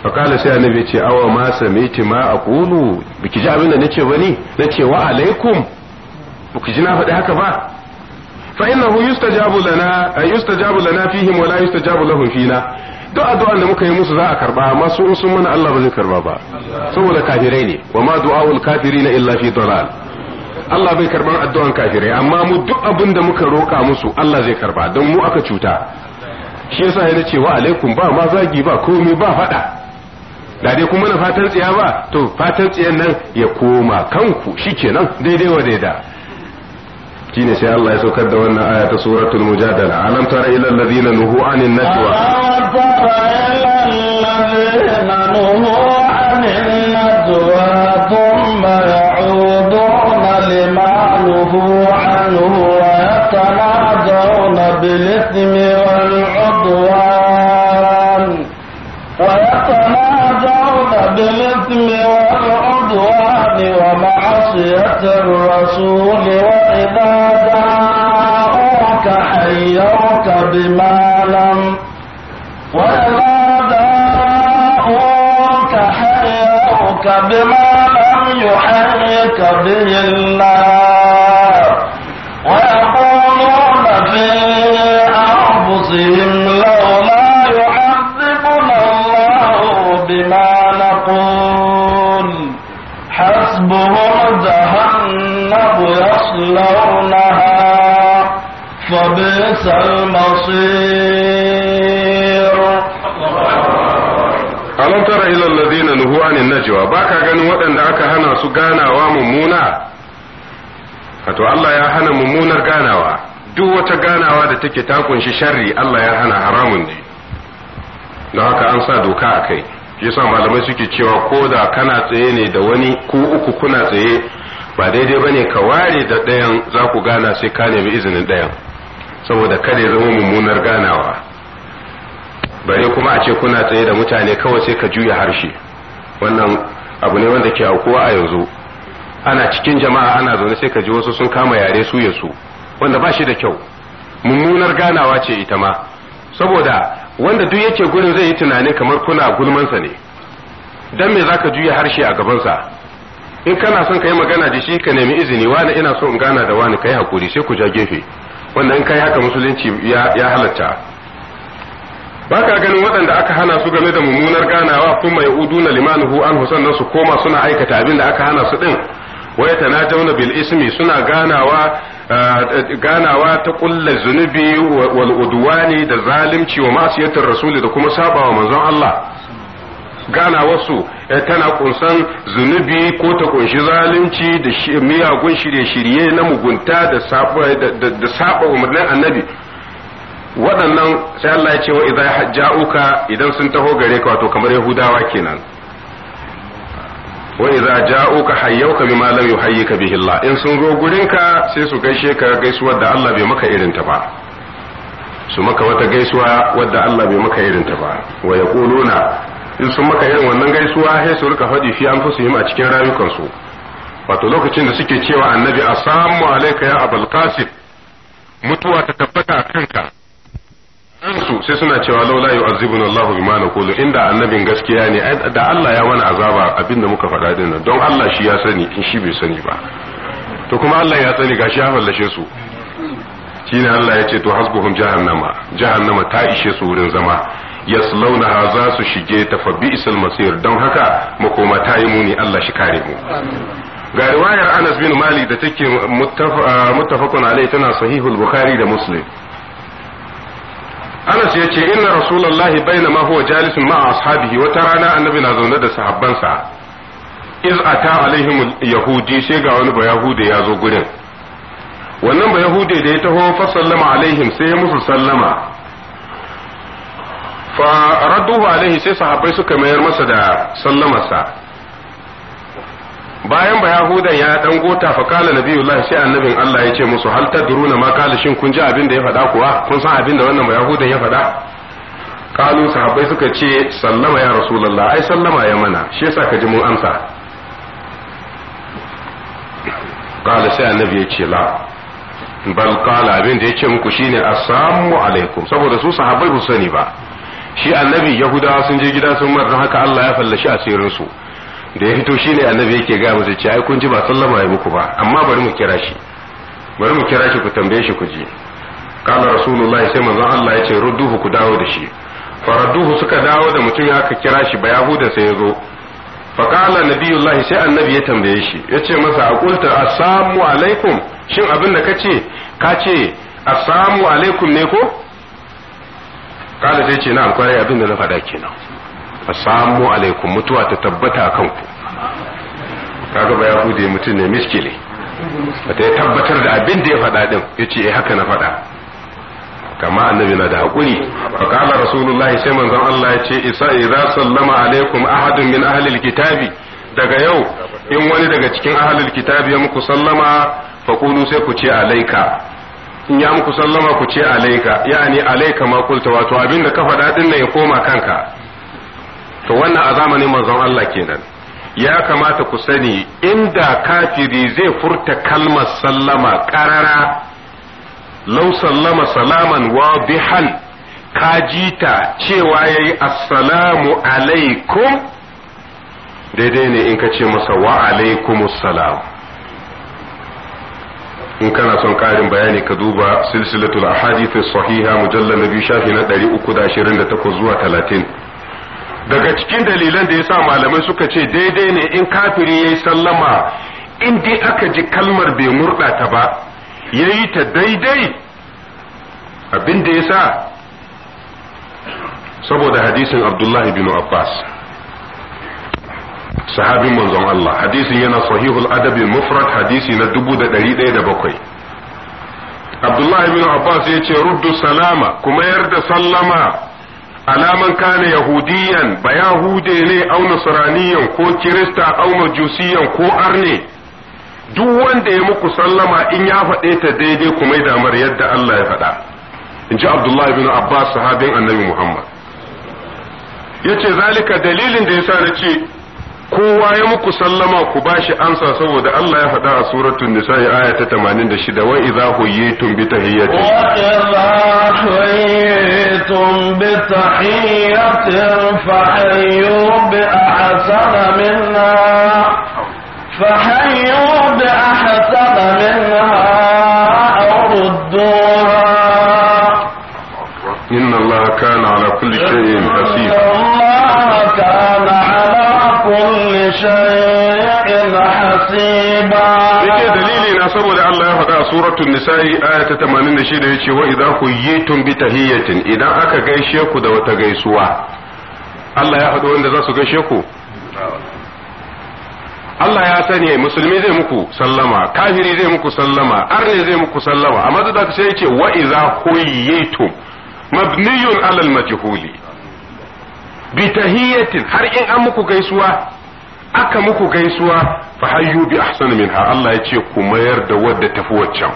fa kala sai annabi ce awa ma samiti ma aqulu biki ji abin da nace bane nace wa alaikum biki na faɗi haka ba fa lana lana duk addu'an da muka yi musu za a karba amma su sun mana Allah ba zai karba ba saboda kafirai ne wa ma du'aul kafirina illa fi dalal Allah bai karɓar addu'an kafirai amma mu duk abin da muka roƙa musu Allah zai karba don mu aka cuta shi yasa ya ce wa alaikum ba ma zagi ba komai ba faɗa da dai kuma na fatan tsiya ba to fatan tsiyan nan ya koma kanku shi shikenan daidai wa daida shine sai Allah ya saukar da wannan aya ta suratul mujadala alam tara ila alladhina nuhu anin najwa alam tara alladhina nuhu anin najwa يتناجون بالإثم والعدوان ويتناجون بالإثم والعدوان ومعصية الرسول وإذا دعوك حيوك بما لم وإذا دعوك حيوك بما لم يحيك به الله أنفسهم لولا يعذبنا الله بما نقول حسبهم جهنم يصلونها فبئس المصير alam tara ila alladhina nuhu anin najwa baka ganin waɗanda aka hana su ganawa mummuna wato Allah ya hana mummunar ganawa duk wata ganawa da take ta kunshi sharri Allah ya hana haramun ne don haka an sa doka a kai yasa malamai suke cewa ko da kana tsaye ne da wani ku uku kuna tsaye ba daidai ba ne ka ware da ɗayan za ku gana sai ka nemi izinin ɗayan saboda kada ya zama mummunar ganawa bare kuma a ce kuna tsaye da mutane kawai sai ka juya harshe wannan abu ne wanda ke aukuwa a yanzu ana cikin jama'a ana zaune sai ka ji wasu sun kama yare su ya su wanda ba shi da kyau mummunar ganawa ce ita ma saboda wanda duk yake gurin zai yi tunani kamar kuna gulman sa ne dan me zaka juya harshe a gabansa in kana son ka yi magana da shi ka nemi izini wani ina so in gana da wani kai hakuri sai ku ja gefe wanda in kai haka musulunci ya, ya halatta ba ganin waɗanda aka hana su game da mummunar ganawa kun mai na limanuhu an husan su koma suna aikata abin da aka hana su din waya tanajawna bil ismi suna ganawa ganawa ta ƙulla zunubi wal udwani da zalimci wa masiyatar rasuli da kuma sabawa manzon Allah gana wasu tana kunsan zunubi ko ta kunshi zalunci da miyagun shirye-shirye na mugunta da saba umarnin annabi waɗannan sai Allah ya ce wa idan ja'uka idan sun taho gare ka wato kamar yahudawa kenan wa idza ja'uka hayyuka bima lam yuhayyika bihi Allah in sun zo gurinka sai su gaishe ka gaisuwar da Allah bai maka irin ta ba su maka wata gaisuwa wadda Allah bai maka irin ta ba wa yaquluna in sun maka irin wannan gaisuwa sai su rika faɗi fi anfusihim a cikin rayukansu wato lokacin da suke cewa annabi assalamu alayka ya abul qasim mutuwa ta tabbata kanka su sai suna cewa laula yu'azzibuna Allah bima naqulu inda annabin gaskiya ne da Allah ya mana azaba abinda muka faɗa din nan don Allah shi ya sani in shi bai sani ba to kuma Allah ya sani gashi ya fallashe su shine Allah ya ce to hasbuhum jahannama jahannama ta ishe su wurin zama yaslaunaha za su shige ta fa bi'sal masir don haka makoma ta yi muni Allah shi kare mu ga riwayar Anas bin Malik da take muttafaqun alai tana sahihul Bukhari da Muslim Anas ya ce inna rasulullahi baina ma huwa jalisin ma ashabihi wata rana annabi na zaune da sahabbansa iz ata alaihim yahudi sai ga wani ba yahude ya zo gurin wannan ba da ya taho fa sallama alaihim sai ya musu sallama fa radduhu alaihi sai sahabbai suka mayar masa da sallamarsa bayan ba yahudan ya dan gota fa kala nabiyullah sai annabin Allah ya ce musu hal tadruna ma kala shin kun ji abin da ya faɗa kuwa kun san abin da wannan yahudan ya faɗa kalu sahabbai suka ce sallama ya rasulullah ai sallama ya mana shi yasa ka ji mun amsa kala sai annabi ya ce la bal kala abin da ya ce muku shine assalamu alaikum saboda su sahabbai ba sani ba shi annabi yahudawa sun je gida sun mar haka Allah ya fallashi asirin su da ya fito shine annabi yake gaya masa cewa kun ji ba sallama ya muku ba amma bari mu kira shi bari mu kira shi ku tambaye shi ku ji kana rasulullahi sai manzon Allah ya ce rudduhu ku dawo da shi rudduhu suka dawo da mutum ya aka kira shi ba ya yahuda sai ya zo Fa faƙala nabiyullahi sai annabi ya tambaye shi yace masa a assalamu alaikum shin abin da ka ce ka ce assalamu alaikum ne ko ƙala sai ce na alƙwari abin da na faɗa kenan assalamu alaikum mutuwa ta tabbata kan ku kaga ba yahudi mutum ne miskile ta ya tabbatar da abin da ya faɗa din yace eh haka na faɗa kama annabi na da hakuri fa qala rasulullahi sai manzon Allah yace isa idza sallama alaikum ahadun min ahlil kitabi daga yau in wani daga cikin ahlil kitabi ya muku sallama fa kunu sai ku ce alaika in ya muku sallama ku ce alaika yani alaika ma kulta wato abin da ka faɗa din ne ya koma kanka to wannan a zamanin manzon Allah kenan ya kamata ku sani inda kafiri zai furta kalmar sallama karara lau sallama salaman wadihan kajita cewa yayi assalamu alaikum daidai ne in ka ce masa wa alaikumussalam in kana son karin bayani ka duba silsilatul ahadith sahiha mujallal nabi shafi na 328 zuwa 30 daga cikin dalilan da ya sa malamai suka ce daidai ne in kafiri yayi sallama in dai aka ji kalmar bai murda ta ba yayi ta daidai abin da yasa saboda hadisin Abdullahi bin Abbas sahabin manzon Allah hadisin yana sahihul adabi mufrad hadisi na 1107 Abdullahi bin Abbas ya ce ruddu salama kuma yarda sallama alaman kana yahudiyan ba yahude ne au nasraniyan ko kirista au majusiyan ko arne duk wanda ya muku sallama in ya faɗe ta daidai kuma ya damar yadda Allah ya faɗa in ji Abdullahi bin Abbas sahabin annabi Muhammad yace zalika dalilin da yasa nace kowa ya muku sallama ku bashi ansa saboda Allah ya faɗa a suratul nisa aya ta 86 wa idza huyitum bi tahiyyatin wa idza huyitum bi tahiyyatin fa hayyu bi ahsana minna fa hayyu bi ahsana minna aw rudduha inna Allah kana ala kulli shay'in hasib saboda Allah ya faɗa a suratul nisa'i aya ta 86 yace wa idza kuyitum bi tahiyatin idan aka gaishe ku da wata gaisuwa Allah ya faɗo wanda za su gaishe ku Allah ya sani musulmi zai muku sallama kafiri zai muku sallama arne zai muku sallama amma duk da sai yace wa idza kuyitum mabniyun alal majhuli bi tahiyatin har in an muku gaisuwa aka muku gaisuwa fahayyu bi ahsani minha Allah ya ce ku mayar da wadda tafi waccan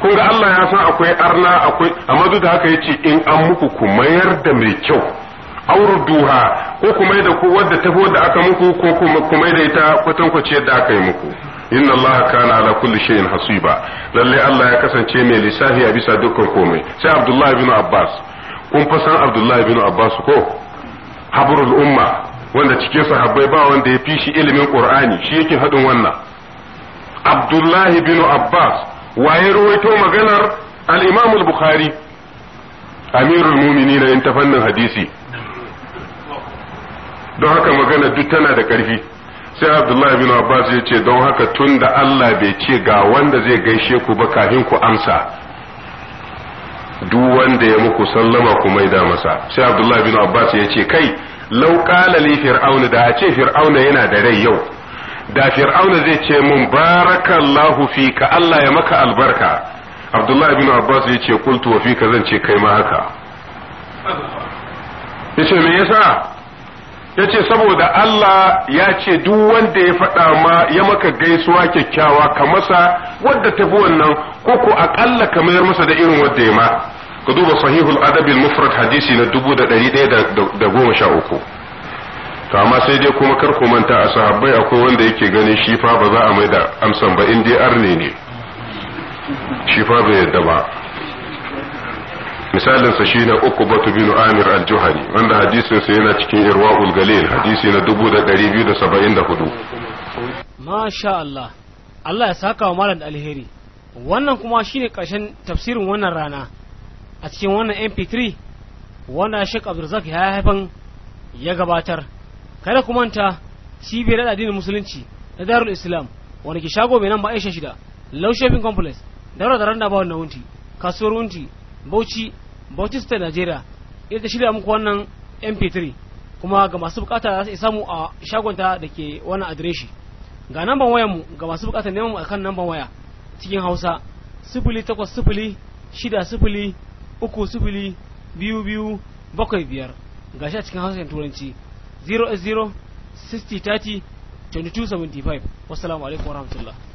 kun ga Allah ya san akwai arna akwai amma duk da haka yace in an muku ku mayar da mai kyau auruduha ko ku mai da ku wadda tafi wadda aka muku ko ku mai da ita kwatankwace yadda aka yi muku inna Allah kana ala kulli shay'in hasiba lalle Allah ya kasance mai lissafi a bisa dukkan komai sai Abdullahi bin Abbas kun fa san Abdullahi bin Abbas ko habrul umma wanda cikin sahabbai ba wanda ya fi shi ilimin qur'ani shi yake hadin wannan abdullahi bin abbas waye ruwaito maganar al-imam al-bukhari amirul mu'minin in ta fannin hadisi don haka magana duk tana da karfi sai abdullahi bin abbas ya ce don haka tun da allah bai ce ga wanda zai gaishe ku ba kafin ku amsa duk wanda ya muku sallama ku maida masa sai abdullahi bin abbas ya ce kai lau fir'auna da a ce fir'auna yana da rai yau da fir'auna zai ce mun barakallahu fika Allah ya maka albarka Abdullahi ibn Abbas ya ce qultu wa zan ce kai ma haka yace me yasa yace saboda Allah ya ce duk wanda ya faɗa ma ya maka gaisuwa kyakkyawa ka masa wadda tafi wannan ko ko akalla ka mayar masa da irin wadda ya ma ku duba sahihul adabil mufrad hadisi na 1113 to amma sai dai kuma kar ku manta a sahabbai akwai wanda yake ganin shi fa ba za a mai da amsan ba in dai arne ne shi fa bai yadda ba misalin sa shine Uqbatu binu Amir al-Juhani wanda hadisin sa yana cikin Irwaul Galil hadisi na 2274 Masha Allah Allah ya saka wa malam alheri wannan kuma shine ƙarshen tafsirin wannan rana a cikin wannan mp3 wanda shek abdulrazak ya haifan ya gabatar kada ku manta cibiyar da addinin musulunci na darul islam wani ki shago mai nan ba aisha shida low shopping complex daura da randa ba wannan wunti kasuwar wunti bauchi bauchi Najeriya nigeria ita shirya muku wannan mp3 kuma ga masu bukata za su samu a shagonta da ke wannan adireshi ga namban wayanmu ga masu bukatar neman akan namban waya cikin hausa sifili takwas sifili shida sifili uku sifili biyu biyu bakwai biyar shi a cikin hausa turanci 0 0 60 30 22 75 wasu alaikum warahmatullahi